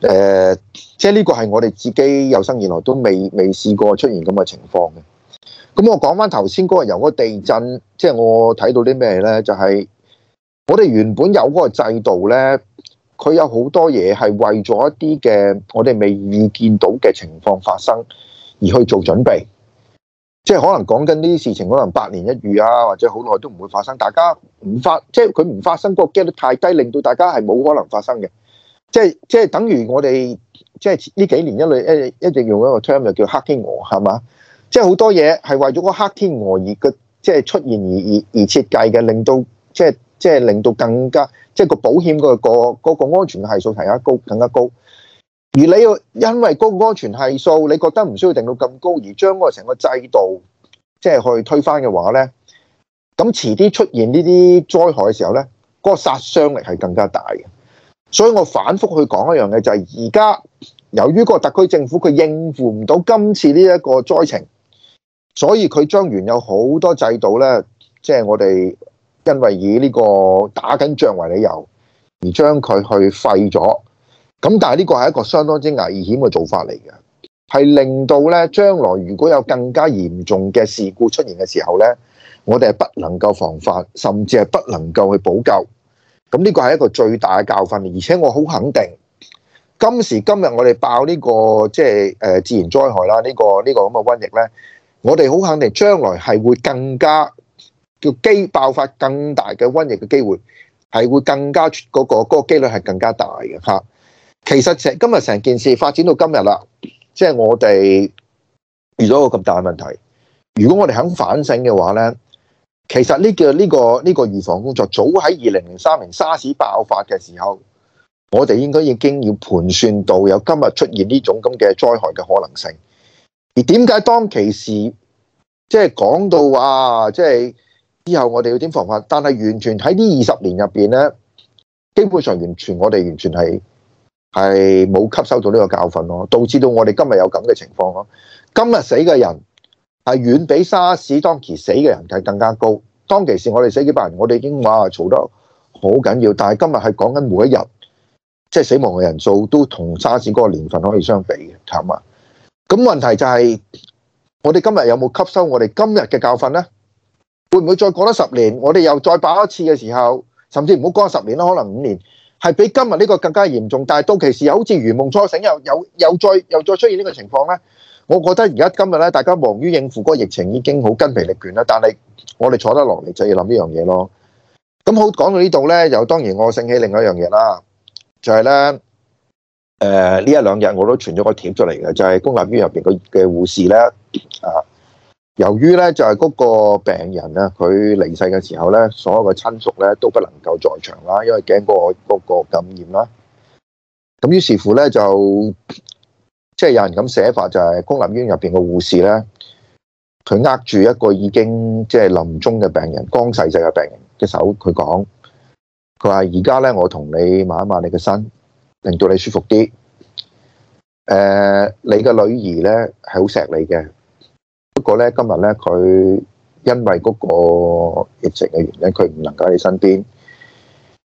誒、呃，即係呢個係我哋自己有生以來都未未試過出現咁嘅情況嘅。咁我講翻頭先嗰個人由嗰地震，即係我睇到啲咩呢？就係我哋原本有嗰個制度呢，佢有好多嘢係為咗一啲嘅我哋未預見到嘅情況發生而去做準備。即係可能講緊呢啲事情，可能百年一遇啊，或者好耐都唔會發生。大家唔發，即係佢唔發生，嗰個機率太低，令到大家係冇可能發生嘅。即係即係等於我哋即係呢幾年一類一一直用一個 term 就叫黑天鵝，係嘛？即係好多嘢係為咗個黑天鵝而嘅，即係出現而而而設計嘅，令到即係即係令到更加即係個保險個個嗰個安全嘅係數提高高更加高。而你要因為嗰個安全係數，你覺得唔需要定到咁高，而將嗰個成個制度，即係、就是、去推翻嘅話呢，咁遲啲出現呢啲災害嘅時候呢嗰、那個殺傷力係更加大嘅。所以我反复去講一樣嘢，就係而家由於個特區政府佢應付唔到今次呢一個災情，所以佢將原有好多制度呢即係我哋因為以呢個打緊仗為理由而將佢去廢咗。咁但係呢個係一個相當之危險嘅做法嚟嘅，係令到呢將來如果有更加嚴重嘅事故出現嘅時候呢，我哋係不能夠防範，甚至係不能夠去補救。咁呢個係一個最大嘅教訓，而且我好肯定今時今日我哋爆呢、這個即係誒自然災害啦，呢、這個呢、這個咁嘅瘟疫呢，我哋好肯定將來係會更加叫機爆發更大嘅瘟疫嘅機會係會更加嗰、那個嗰、那個機率係更加大嘅吓。其實成今日成件事發展到今日啦，即係我哋遇咗個咁大嘅問題。如果我哋肯反省嘅話呢，其實呢個呢個呢個預防工作，早喺二零零三年沙士爆發嘅時候，我哋應該已經要盤算到有今日出現呢種咁嘅災害嘅可能性。而點解當其時即係講到話，即係之後我哋要點防範？但係完全喺呢二十年入邊呢，基本上完全我哋完全係。係冇吸收到呢個教訓咯，導致到我哋今日有咁嘅情況咯。今日死嘅人係遠比沙士當其死嘅人係更加高。當其時我哋死幾百人，我哋已經話嘈得好緊要。但係今日係講緊每一日，即係死亡嘅人數都同沙士嗰個年份可以相比嘅，係嘛？咁問題就係我哋今日有冇吸收我哋今日嘅教訓呢？會唔會再過多十年，我哋又再爆一次嘅時候，甚至唔好講十年啦，可能五年？係比今日呢個更加嚴重，但係到期時又好似如夢初醒又，又又再又再出現呢個情況呢。我覺得而家今日咧，大家忙於應付嗰個疫情已經好筋疲力盡啦。但係我哋坐得落嚟，就要諗呢樣嘢咯。咁好講到呢度呢，又當然我醒起另外一樣嘢啦，就係、是、呢。誒、呃、呢一兩日我都傳咗個貼出嚟嘅，就係、是、公立醫院入邊嘅嘅護士呢。啊。由於咧就係嗰個病人啊，佢離世嘅時候咧，所有嘅親屬咧都不能夠在場啦，因為驚嗰個感染啦。咁於是乎咧就即係、就是、有人咁寫法、就是，就係公立醫院入邊嘅護士咧，佢握住一個已經即係、就是、臨終嘅病人、剛逝世嘅病人嘅手，佢講：佢話而家咧，我同你抹一抹你嘅身，令到你舒服啲。誒、呃，你嘅女兒咧係好錫你嘅。不過咧，今日咧，佢因為嗰個疫情嘅原因，佢唔能夠喺你身邊。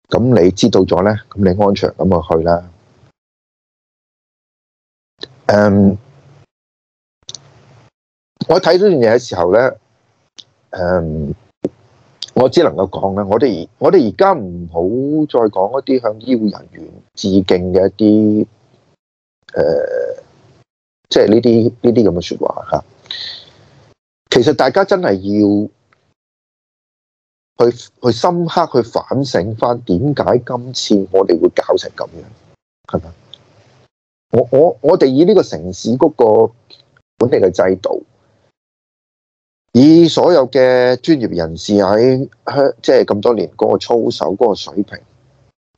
咁你知道咗咧，咁你安詳咁去啦。誒、um,，我睇咗件嘢嘅時候咧，誒、um,，我只能夠講咧，我哋我哋而家唔好再講一啲向醫護人員致敬嘅一啲誒，即係呢啲呢啲咁嘅說話吓。其實大家真係要去去深刻去反省翻，點解今次我哋會搞成咁樣？係咪？我我我哋以呢個城市嗰個管理嘅制度，以所有嘅專業人士喺香，即係咁多年嗰個操守、嗰個水平，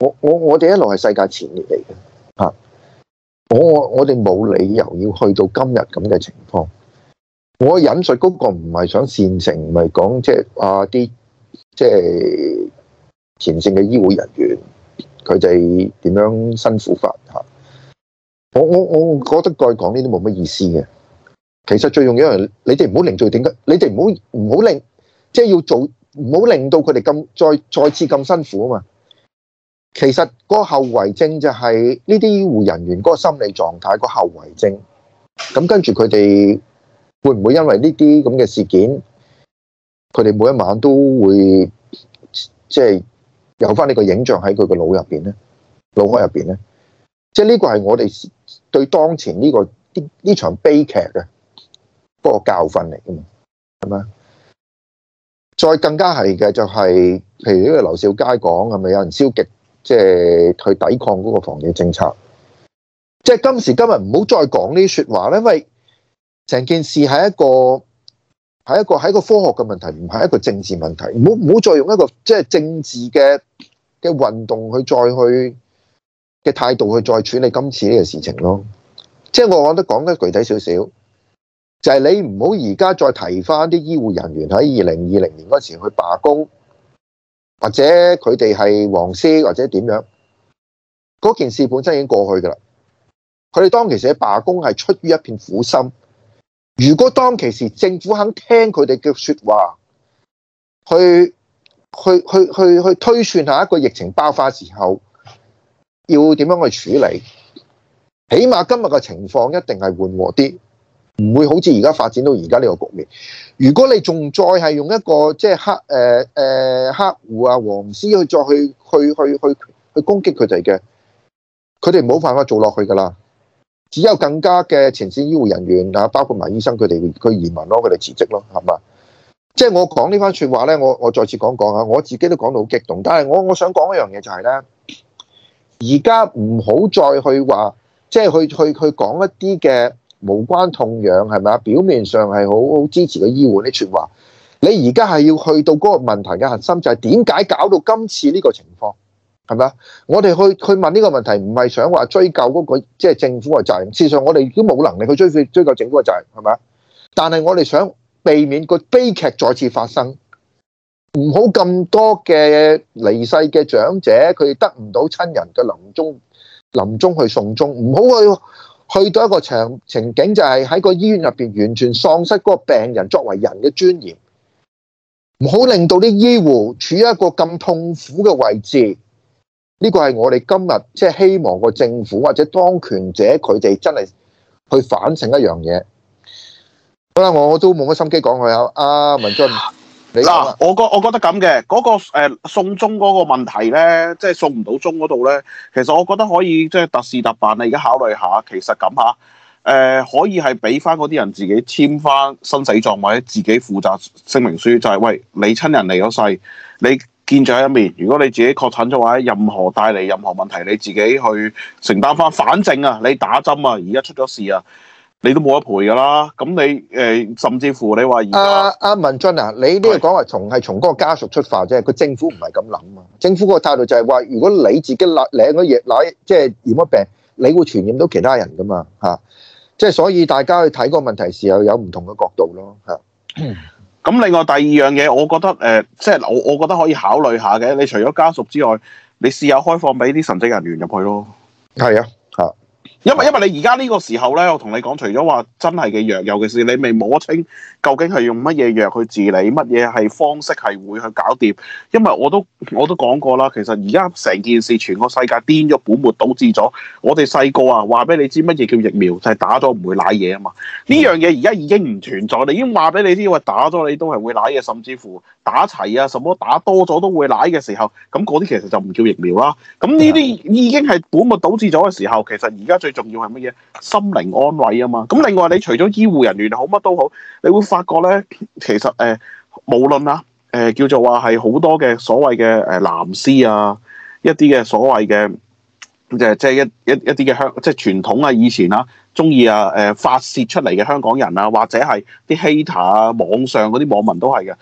我我我哋一路係世界前列嚟嘅。吓，我我我哋冇理由要去到今日咁嘅情況。我引述嗰個唔係想煽情，唔係講即係啊啲即係前線嘅醫護人員，佢哋點樣辛苦法吓？我我我覺得再講呢啲冇乜意思嘅。其實最重要係你哋唔好凝聚，點解你哋唔好唔好令即係要做唔好令到佢哋咁再再次咁辛苦啊嘛，其實個後遺症就係呢啲醫護人員嗰個心理狀態，嗰個後遺症，咁跟住佢哋。會唔會因為呢啲咁嘅事件，佢哋每一晚都會即係、就是、有翻呢個影像喺佢個腦入邊咧，腦海入邊咧，即係呢個係我哋對當前呢、這個呢呢場悲劇嘅一個教訓嚟嘅，係嘛？再更加係嘅就係、是，譬如呢個劉少佳講係咪有人消極，即、就、係、是、去抵抗嗰個防疫政策？即係今時今日唔好再講呢啲說話咧，因為。成件事係一個係一個係一個科學嘅問題，唔係一個政治問題。唔好唔好再用一個即係政治嘅嘅運動去再去嘅態度去再處理今次呢個事情咯。即係我覺得講得具體少少，就係你唔好而家再提翻啲醫護人員喺二零二零年嗰時去罷工，或者佢哋係黃絲或者點樣，嗰件事本身已經過去噶啦。佢哋當其時喺罷工係出於一片苦心。如果當其時政府肯聽佢哋嘅説話，去去去去去推算下一個疫情爆發時候要點樣去處理，起碼今日嘅情況一定係緩和啲，唔會好似而家發展到而家呢個局面。如果你仲再係用一個即係黑誒誒、呃呃、黑戶啊黃絲去再去去去去去攻擊佢哋嘅，佢哋冇辦法做落去㗎啦。只有更加嘅前線醫護人員啊，包括埋醫生佢哋去移民咯，佢哋辭職咯，係嘛？即係我講呢番說話呢，我我再次講講啊，我自己都講到好激動，但係我我想講一樣嘢就係呢：而家唔好再去話，即係去去去講一啲嘅無關痛癢，係咪啊？表面上係好好支持個醫護啲說話，你而家係要去到嗰個問題嘅核心，就係點解搞到今次呢個情況？係咪我哋去去問呢個問題，唔係想話追究嗰個即係政府嘅責任。事實上，我哋都冇能力去追追究政府嘅責任，係咪？但係我哋想避免個悲劇再次發生，唔好咁多嘅離世嘅長者，佢哋得唔到親人嘅臨終臨終去送終，唔好去去到一個場情景，就係喺個醫院入邊完全喪失嗰個病人作為人嘅尊嚴，唔好令到啲醫護處於一個咁痛苦嘅位置。呢個係我哋今日即係希望個政府或者當權者佢哋真係去反省一樣嘢。好啦，我都冇乜心機講佢啊。阿文進，你講啦。嗱，我覺我覺得咁嘅嗰個、呃、送終嗰個問題咧，即係送唔到終嗰度咧，其實我覺得可以即係特事特辦。你而家考慮下，其實咁嚇誒，可以係俾翻嗰啲人自己簽翻生死狀或者自己負責聲明書，就係，喂你親人離咗世，你。見咗一面。如果你自己確診咗話，任何帶嚟任何問題，你自己去承擔翻。反正啊，你打針啊，而家出咗事啊，你都冇得賠噶啦。咁你誒，甚至乎你話而家阿阿文俊啊，你呢個講話從係從嗰個家屬出發啫。佢政府唔係咁諗啊。政府嗰個態度就係話，如果你自己攞領咗藥，攞即係染咗病，你會傳染到其他人噶嘛？嚇！即係所以大家去睇個問題時候有唔同嘅角度咯，嚇。 咁另外第二樣嘢，我覺得誒、呃，即係我我覺得可以考慮下嘅，你除咗家屬之外，你試下開放畀啲神職人員入去咯。係啊。因為因為你而家呢個時候咧，我同你講，除咗話真係嘅藥，尤其是你未摸清究竟係用乜嘢藥去治理，乜嘢係方式係會去搞掂。因為我都我都講過啦，其實而家成件事全個世界癲咗，本末倒置咗，我哋細個啊話俾你知乜嘢叫疫苗，就係、是、打咗唔會舐嘢啊嘛。呢樣嘢而家已經唔存在，你已經話俾你知話打咗你都係會舐嘢，甚至乎打齊啊什麼打多咗都會舐嘅時候，咁嗰啲其實就唔叫疫苗啦。咁呢啲已經係本末倒置咗嘅時候，其實而家最最重要係乜嘢？心靈安慰啊嘛！咁另外，你除咗醫護人員好乜都好，你會發覺咧，其實誒、呃，無論啊，誒、呃，叫做話係好多嘅所謂嘅誒藍絲啊，一啲嘅所謂嘅誒，即係一一一啲嘅香，即係傳統啊，以前啊，中意啊，誒、啊，發洩出嚟嘅香港人啊，或者係啲 hater 啊，網上嗰啲網民都係嘅。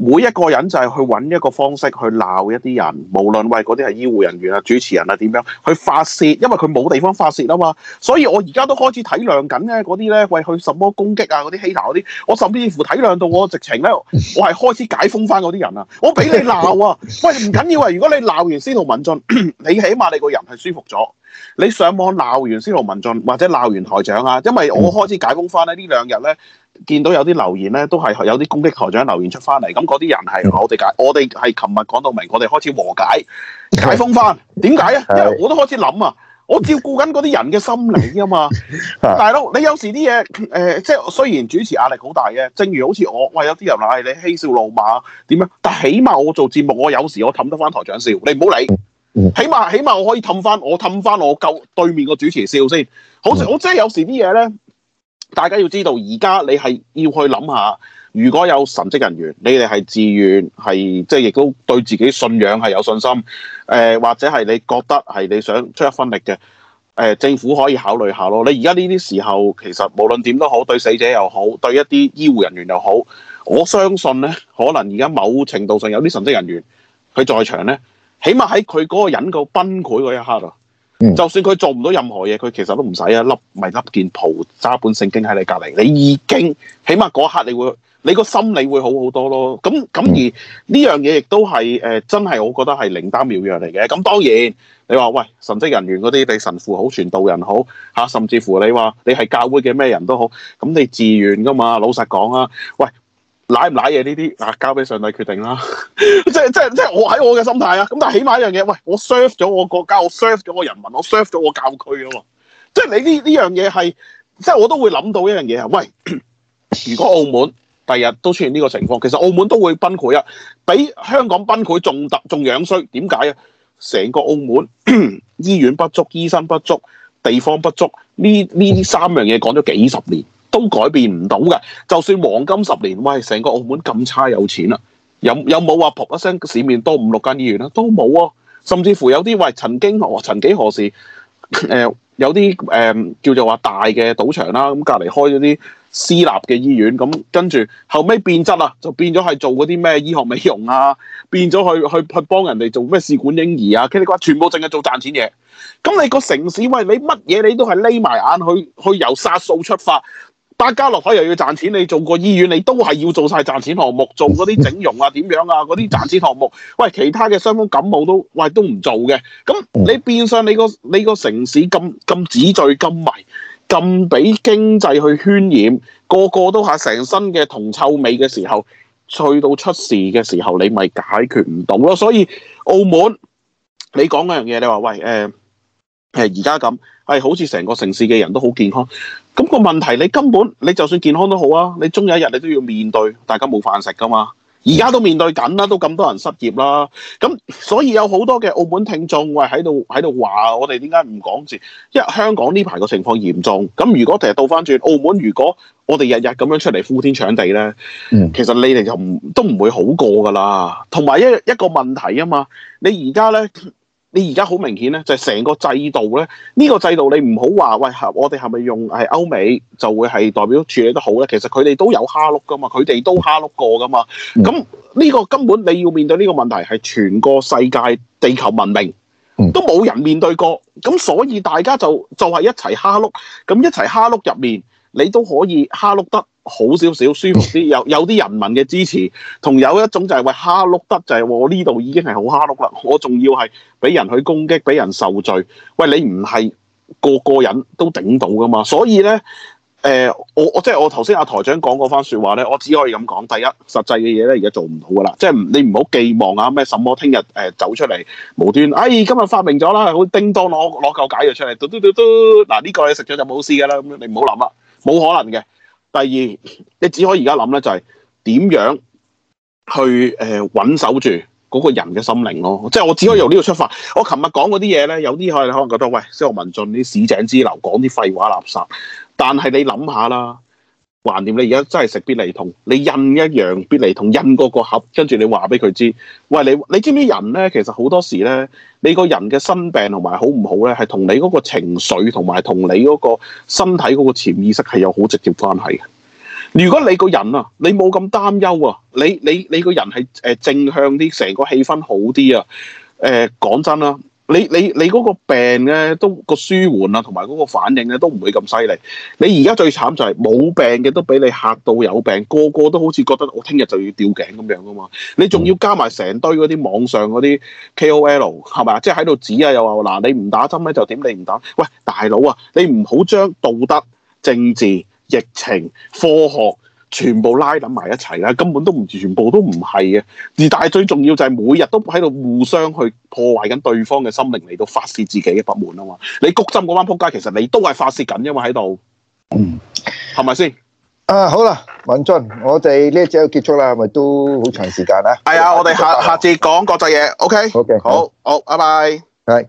每一個人就係去揾一個方式去鬧一啲人，無論為嗰啲係醫護人員啊、主持人啊，點樣去發泄，因為佢冇地方發泄啊嘛。所以我而家都開始體諒緊咧嗰啲咧，為佢什麼攻擊啊嗰啲 hater 嗰啲，我甚至乎體諒到我直情咧，我係開始解封翻嗰啲人啊，我俾你鬧啊，喂，唔緊要啊，如果你鬧完司徒文進，你起碼你個人係舒服咗。你上網鬧完司徒文進或者鬧完台長啊，因為我開始解封翻咧，兩呢兩日咧見到有啲留言咧都係有啲攻擊台長留言出翻嚟，咁嗰啲人係我哋解， 我哋係琴日講到明，我哋開始和解解封翻。點解啊？因為我都開始諗啊，我照顧緊嗰啲人嘅心理啊嘛。大佬，你有時啲嘢誒，即、呃、係雖然主持壓力好大嘅，正如好似我，喂、哎、有啲人嗱你嬉笑怒罵點樣，但起碼我做節目，我有時我氹得翻台長笑，你唔好理。起碼，起碼我可以氹翻，我氹翻我救對面個主持人笑先，好，我即係有時啲嘢咧，大家要知道而家你係要去諗下，如果有神職人員，你哋係自願，係即係亦都對自己信仰係有信心，誒、呃、或者係你覺得係你想出一分力嘅，誒、呃、政府可以考慮下咯。你而家呢啲時候其實無論點都好，對死者又好，對一啲醫護人員又好，我相信咧，可能而家某程度上有啲神職人員佢在場咧。起碼喺佢嗰個人個崩潰嗰一刻啊，嗯、就算佢做唔到任何嘢，佢其實都唔使一粒，咪笠件袍揸本聖經喺你隔籬，你已經起碼嗰刻你會，你個心理會好好多咯。咁、嗯、咁而呢樣嘢亦都係誒，真係我覺得係靈丹妙藥嚟嘅。咁當然你話喂，神職人員嗰啲，你神父好，傳道人好吓、啊，甚至乎你話你係教會嘅咩人都好，咁你自願㗎嘛？老實講啊，喂。瀨唔瀨嘢呢啲啊，交俾上帝決定啦。 即係即係即係我喺我嘅心態啊。咁但係起碼一樣嘢，喂，我 serve 咗我國家，我 serve 咗我人民，我 serve 咗我教區啊嘛。即係你呢呢樣嘢係，即係我都會諗到一樣嘢啊。喂， 如果澳門第日都出現呢個情況，其實澳門都會崩潰啊。比香港崩潰仲突仲樣衰。點解啊？成個澳門 醫院不足，醫生不足，地方不足。呢呢三樣嘢講咗幾十年。都改變唔到嘅。就算黃金十年，喂，成個澳門咁差有錢啦、啊，有有冇話撲一聲市面多五六間醫院啦、啊？都冇啊。甚至乎有啲喂，曾經哦，曾幾何時，誒、呃、有啲誒、呃、叫做話大嘅賭場啦、啊，咁隔離開咗啲私立嘅醫院，咁、嗯、跟住後尾變質啊，就變咗係做嗰啲咩醫學美容啊，變咗去去去幫人哋做咩試管嬰兒啊，茄哩呱全部淨係做賺錢嘢。咁你個城市喂，你乜嘢你都係匿埋眼去去由殺數出發。大家落海又要賺錢，你做過醫院，你都係要做晒賺錢項目，做嗰啲整容啊點樣啊嗰啲賺錢項目。喂，其他嘅傷風感冒都喂都唔做嘅。咁你變相你個你個城市咁咁紙醉金迷，咁俾經濟去渲染，個個都係成身嘅銅臭味嘅時候，去到出事嘅時候，你咪解決唔到咯。所以澳門，你講嗰樣嘢你話喂誒。呃係而家咁，係、哎、好似成個城市嘅人都好健康，咁、個問題你根本你就算健康都好啊，你終有一日你都要面對大家冇飯食噶嘛，而家都面對緊啦，都咁多人失業啦，咁所以有好多嘅澳門聽眾喂喺度喺度話我哋點解唔講住？因為香港呢排個情況嚴重，咁如果第日倒翻轉澳門，如果我哋日日咁樣出嚟呼天搶地咧，嗯、其實你哋就都唔會好過噶啦，同埋一一個問題啊嘛，你而家咧。你而家好明顯咧，就係、是、成個制度咧，呢、這個制度你唔好話，喂我哋係咪用係歐美就會係代表處理得好咧？其實佢哋都有蝦碌噶嘛，佢哋都蝦碌過噶嘛。咁呢、嗯、個根本你要面對呢個問題係全個世界地球文明、嗯、都冇人面對過，咁所以大家就就係、是、一齊蝦碌，咁一齊蝦碌入面。你都可以哈碌得好少少舒服啲，有有啲人民嘅支持，同有一種就係、是、喂哈碌得就係、是、我呢度已經係好哈碌啦，我仲要係俾人去攻擊，俾人受罪。喂，你唔係個個人都頂到噶嘛？所以咧，誒、呃，我我即係我頭先阿台長講嗰番説話咧，我只可以咁講。第一，實際嘅嘢咧而家做唔到噶啦，即係你唔好寄望啊咩什麼，聽日誒走出嚟無端哎，今日發明咗啦，叮噹攞攞嚿解藥出嚟嘟嘟嘟嘟，嗱呢、這個你食咗就冇事噶啦，咁你唔好諗啦。冇可能嘅。第二，你只可以而家諗咧，就係、是、點樣去誒穩、呃、守住嗰個人嘅心靈咯。即係我只可以由呢個出發。我琴日講嗰啲嘢咧，有啲係你可能覺得喂，司徒文進啲市井之流講啲廢話垃圾。但係你諗下啦。橫掂，你而家真係食必理痛，你印一樣必理痛印個個盒，跟住你話俾佢知。喂，你你知唔知人咧？其實好多時咧，你個人嘅身病同埋好唔好咧，係同你嗰個情緒同埋同你嗰個身體嗰個潛意識係有好直接關係嘅。如果你個人啊，你冇咁擔憂啊，你你你個人係誒正向啲，成個氣氛好啲啊。誒、呃，講真啦～你你你嗰個病咧，都個舒緩啊，同埋嗰個反應咧，都唔會咁犀利。你而家最慘就係冇病嘅都俾你嚇到有病，個個都好似覺得我聽日就要吊頸咁樣噶嘛。你仲要加埋成堆嗰啲網上嗰啲 KOL 係咪啊？即係喺度指啊，又話嗱，啊，你唔打針咧就點？你唔打？喂大佬啊，你唔好將道德、政治、疫情、科學。全部拉捻埋一齊啦，根本都唔全部都唔係嘅，而但係最重要就係每日都喺度互相去破壞緊對方嘅心靈嚟到發洩自己嘅不滿啊嘛！你谷針嗰班仆街其實你都係發洩緊，啫嘛？喺度，嗯，係咪先？啊好啦，文進，我哋呢一節要結束啦，係咪都好長時間啦。係啊，我哋下 下節講國際嘢，OK？okay 好嘅，okay. 好，好，拜拜。係。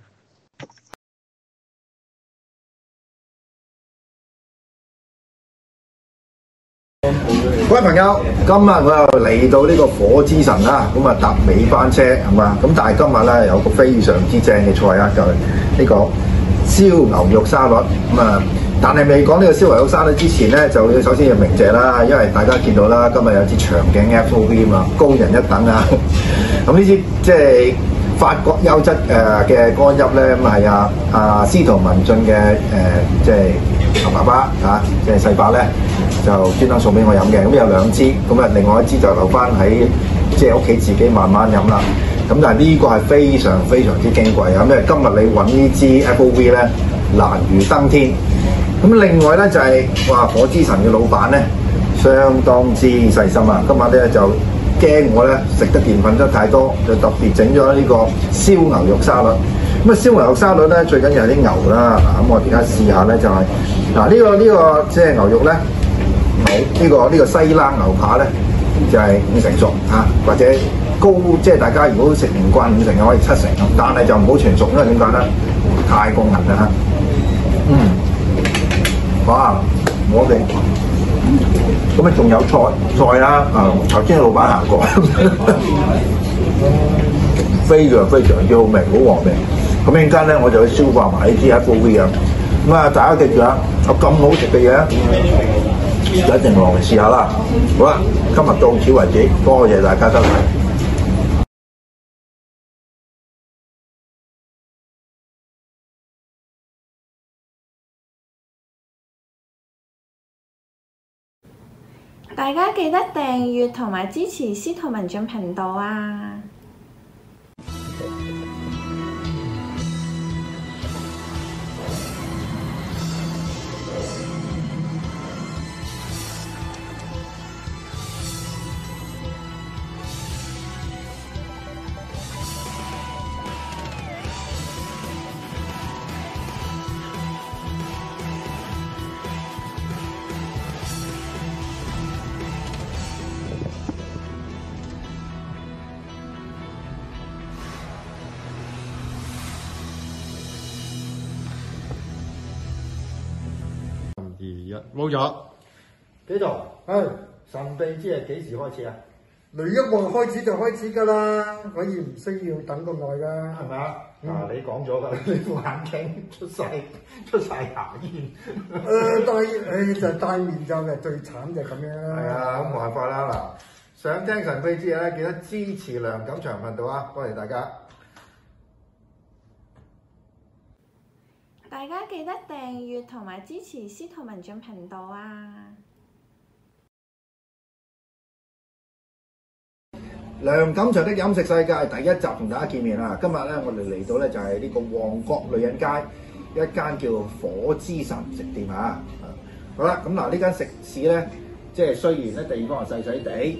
各位朋友，今日我又嚟到呢個火之神啦，咁啊搭尾班車係嘛？咁但係今日咧有個非常之正嘅菜啊，就呢、係、個燒牛肉沙律。咁、嗯、啊，但係未講呢個燒牛肉沙律之前咧，就要首先要鳴謝啦，因為大家見到啦，今日有支長頸 FOV 嘛，高人一等啊。咁呢支即係、就是、法國優質誒嘅乾邑咧，咁係阿阿司徒文進嘅誒，即係爸爸啊，即係細、啊、伯咧。就專登送俾我飲嘅，咁有兩支，咁啊，另外一支就留翻喺即係屋企自己慢慢飲啦。咁但係呢個係非常非常之矜貴啊！咩？今日你揾呢支 Applebee 咧難如登天。咁另外咧就係、是、哇，火之神嘅老闆咧相當之細心啊！今晚咧就驚我咧食得澱粉得太多，就特別整咗呢個燒牛肉沙律。咁啊，燒牛肉沙律咧最緊要係啲牛啦。咁、啊、我而家試下咧就係、是、嗱，呢、啊這個呢、這個即係、這個、牛肉咧。呢個呢個西冷牛扒咧就係五成熟嚇，或者高即係大家如果食唔慣五成嘅，可以七成咁，但係就唔好全熟，因為點解咧？太過硬啦嚇。嗯，哇！我哋咁啊，仲有菜菜啦啊！頭先老闆行過，非常非常之好味，好和味。咁陣間咧，我就去消化埋呢支 F V 啊。咁啊，大家記住啊，有咁好食嘅嘢。一定落嚟試下啦！好啦，今日到此為止，多謝，謝大家收睇。大家記得訂閱同埋支持司徒文進頻道啊！冇有，基度，道哎，神秘之夜幾時開始啊？雷一望開始就開始噶啦，我而唔需要等咁耐噶，係咪、嗯、啊？嗱，你講咗噶，你副眼鏡出晒出晒牙煙，誒、呃，對，誒、哎，就是、戴面罩嘅最慘就咁樣啦。係啊、 哎，咁冇辦法啦嗱，想聽神秘之夜咧，記得支持梁錦祥頻道啊，多謝大家。大家記得訂閱同埋支持司徒文進頻道啊！梁錦祥的飲食世界第一集同大家見面啦！今日咧，我哋嚟到咧就係、是、呢個旺角女人街一間叫火之神食店啊！好啦，咁、嗯、嗱，啊、呢間食肆咧，即係雖然咧地方係細細地。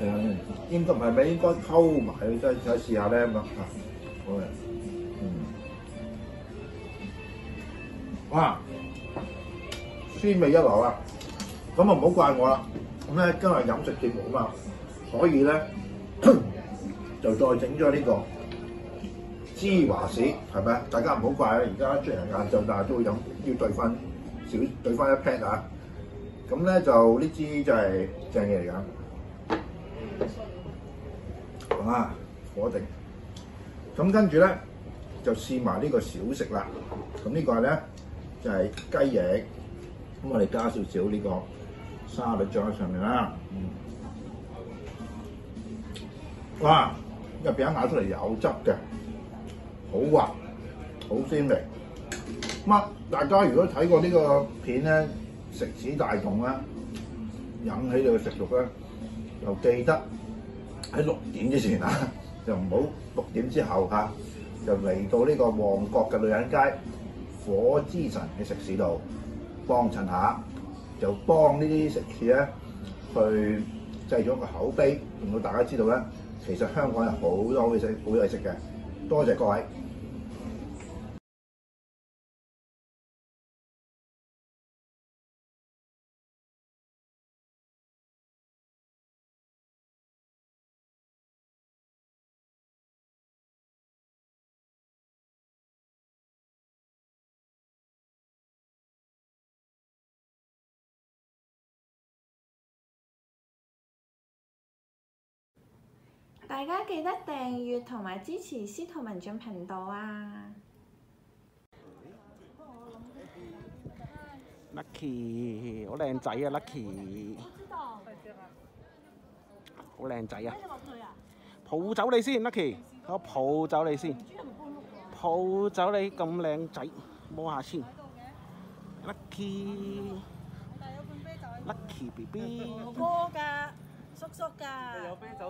係啊、嗯，應該唔係咩？應該溝埋，即係想試下咧咁啊！好嘅，嗯，嗯哇，鮮味一流啊！咁啊唔好怪我啦。咁咧今日飲食節目啊嘛，所以咧 就再整咗呢個芝華士係咪啊？大家唔好怪啊！而家出嚟晏晝，但係都要飲，要兌翻少，兌翻一 pat 啊！咁咧就呢支就係正嘢嚟㗎。啊，我定。咁跟住咧，就試埋呢個小食啦。咁、這個、呢個咧就係、是、雞翼，咁我哋加少少呢個沙律醬喺上面啦。嗯。哇、啊！個餅咬出嚟有汁嘅，好滑，好鮮味。咁、啊、大家如果睇過呢個片咧，食指大動啦，引起你個食欲啦。又記得喺六點之前啊，就唔好六點之後啊，就嚟到呢個旺角嘅女人街火之神嘅食肆度幫襯下，就幫呢啲食肆咧去製咗個口碑，令到大家知道咧，其實香港有好多好嘢食，好嘢食嘅，多謝各位。大家記得訂閱同埋支持司徒文進頻道啊！Lucky 好靚仔啊，Lucky 好靚仔啊，抱走你先，Lucky 我抱走你先，抱走你咁靚仔，摸下先，Lucky Lucky BB，我嘅。叔叔㗎！有啤酒。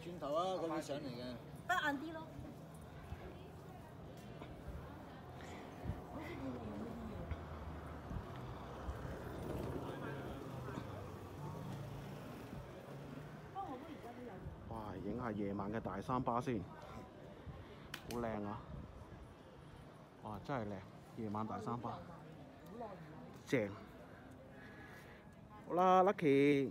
轉頭啊，佢要上嚟嘅。不過暗啲咯。哇！影下夜晚嘅大三巴先，好靚啊！哇！真係靚，夜晚大三巴正。好啦，Lucky。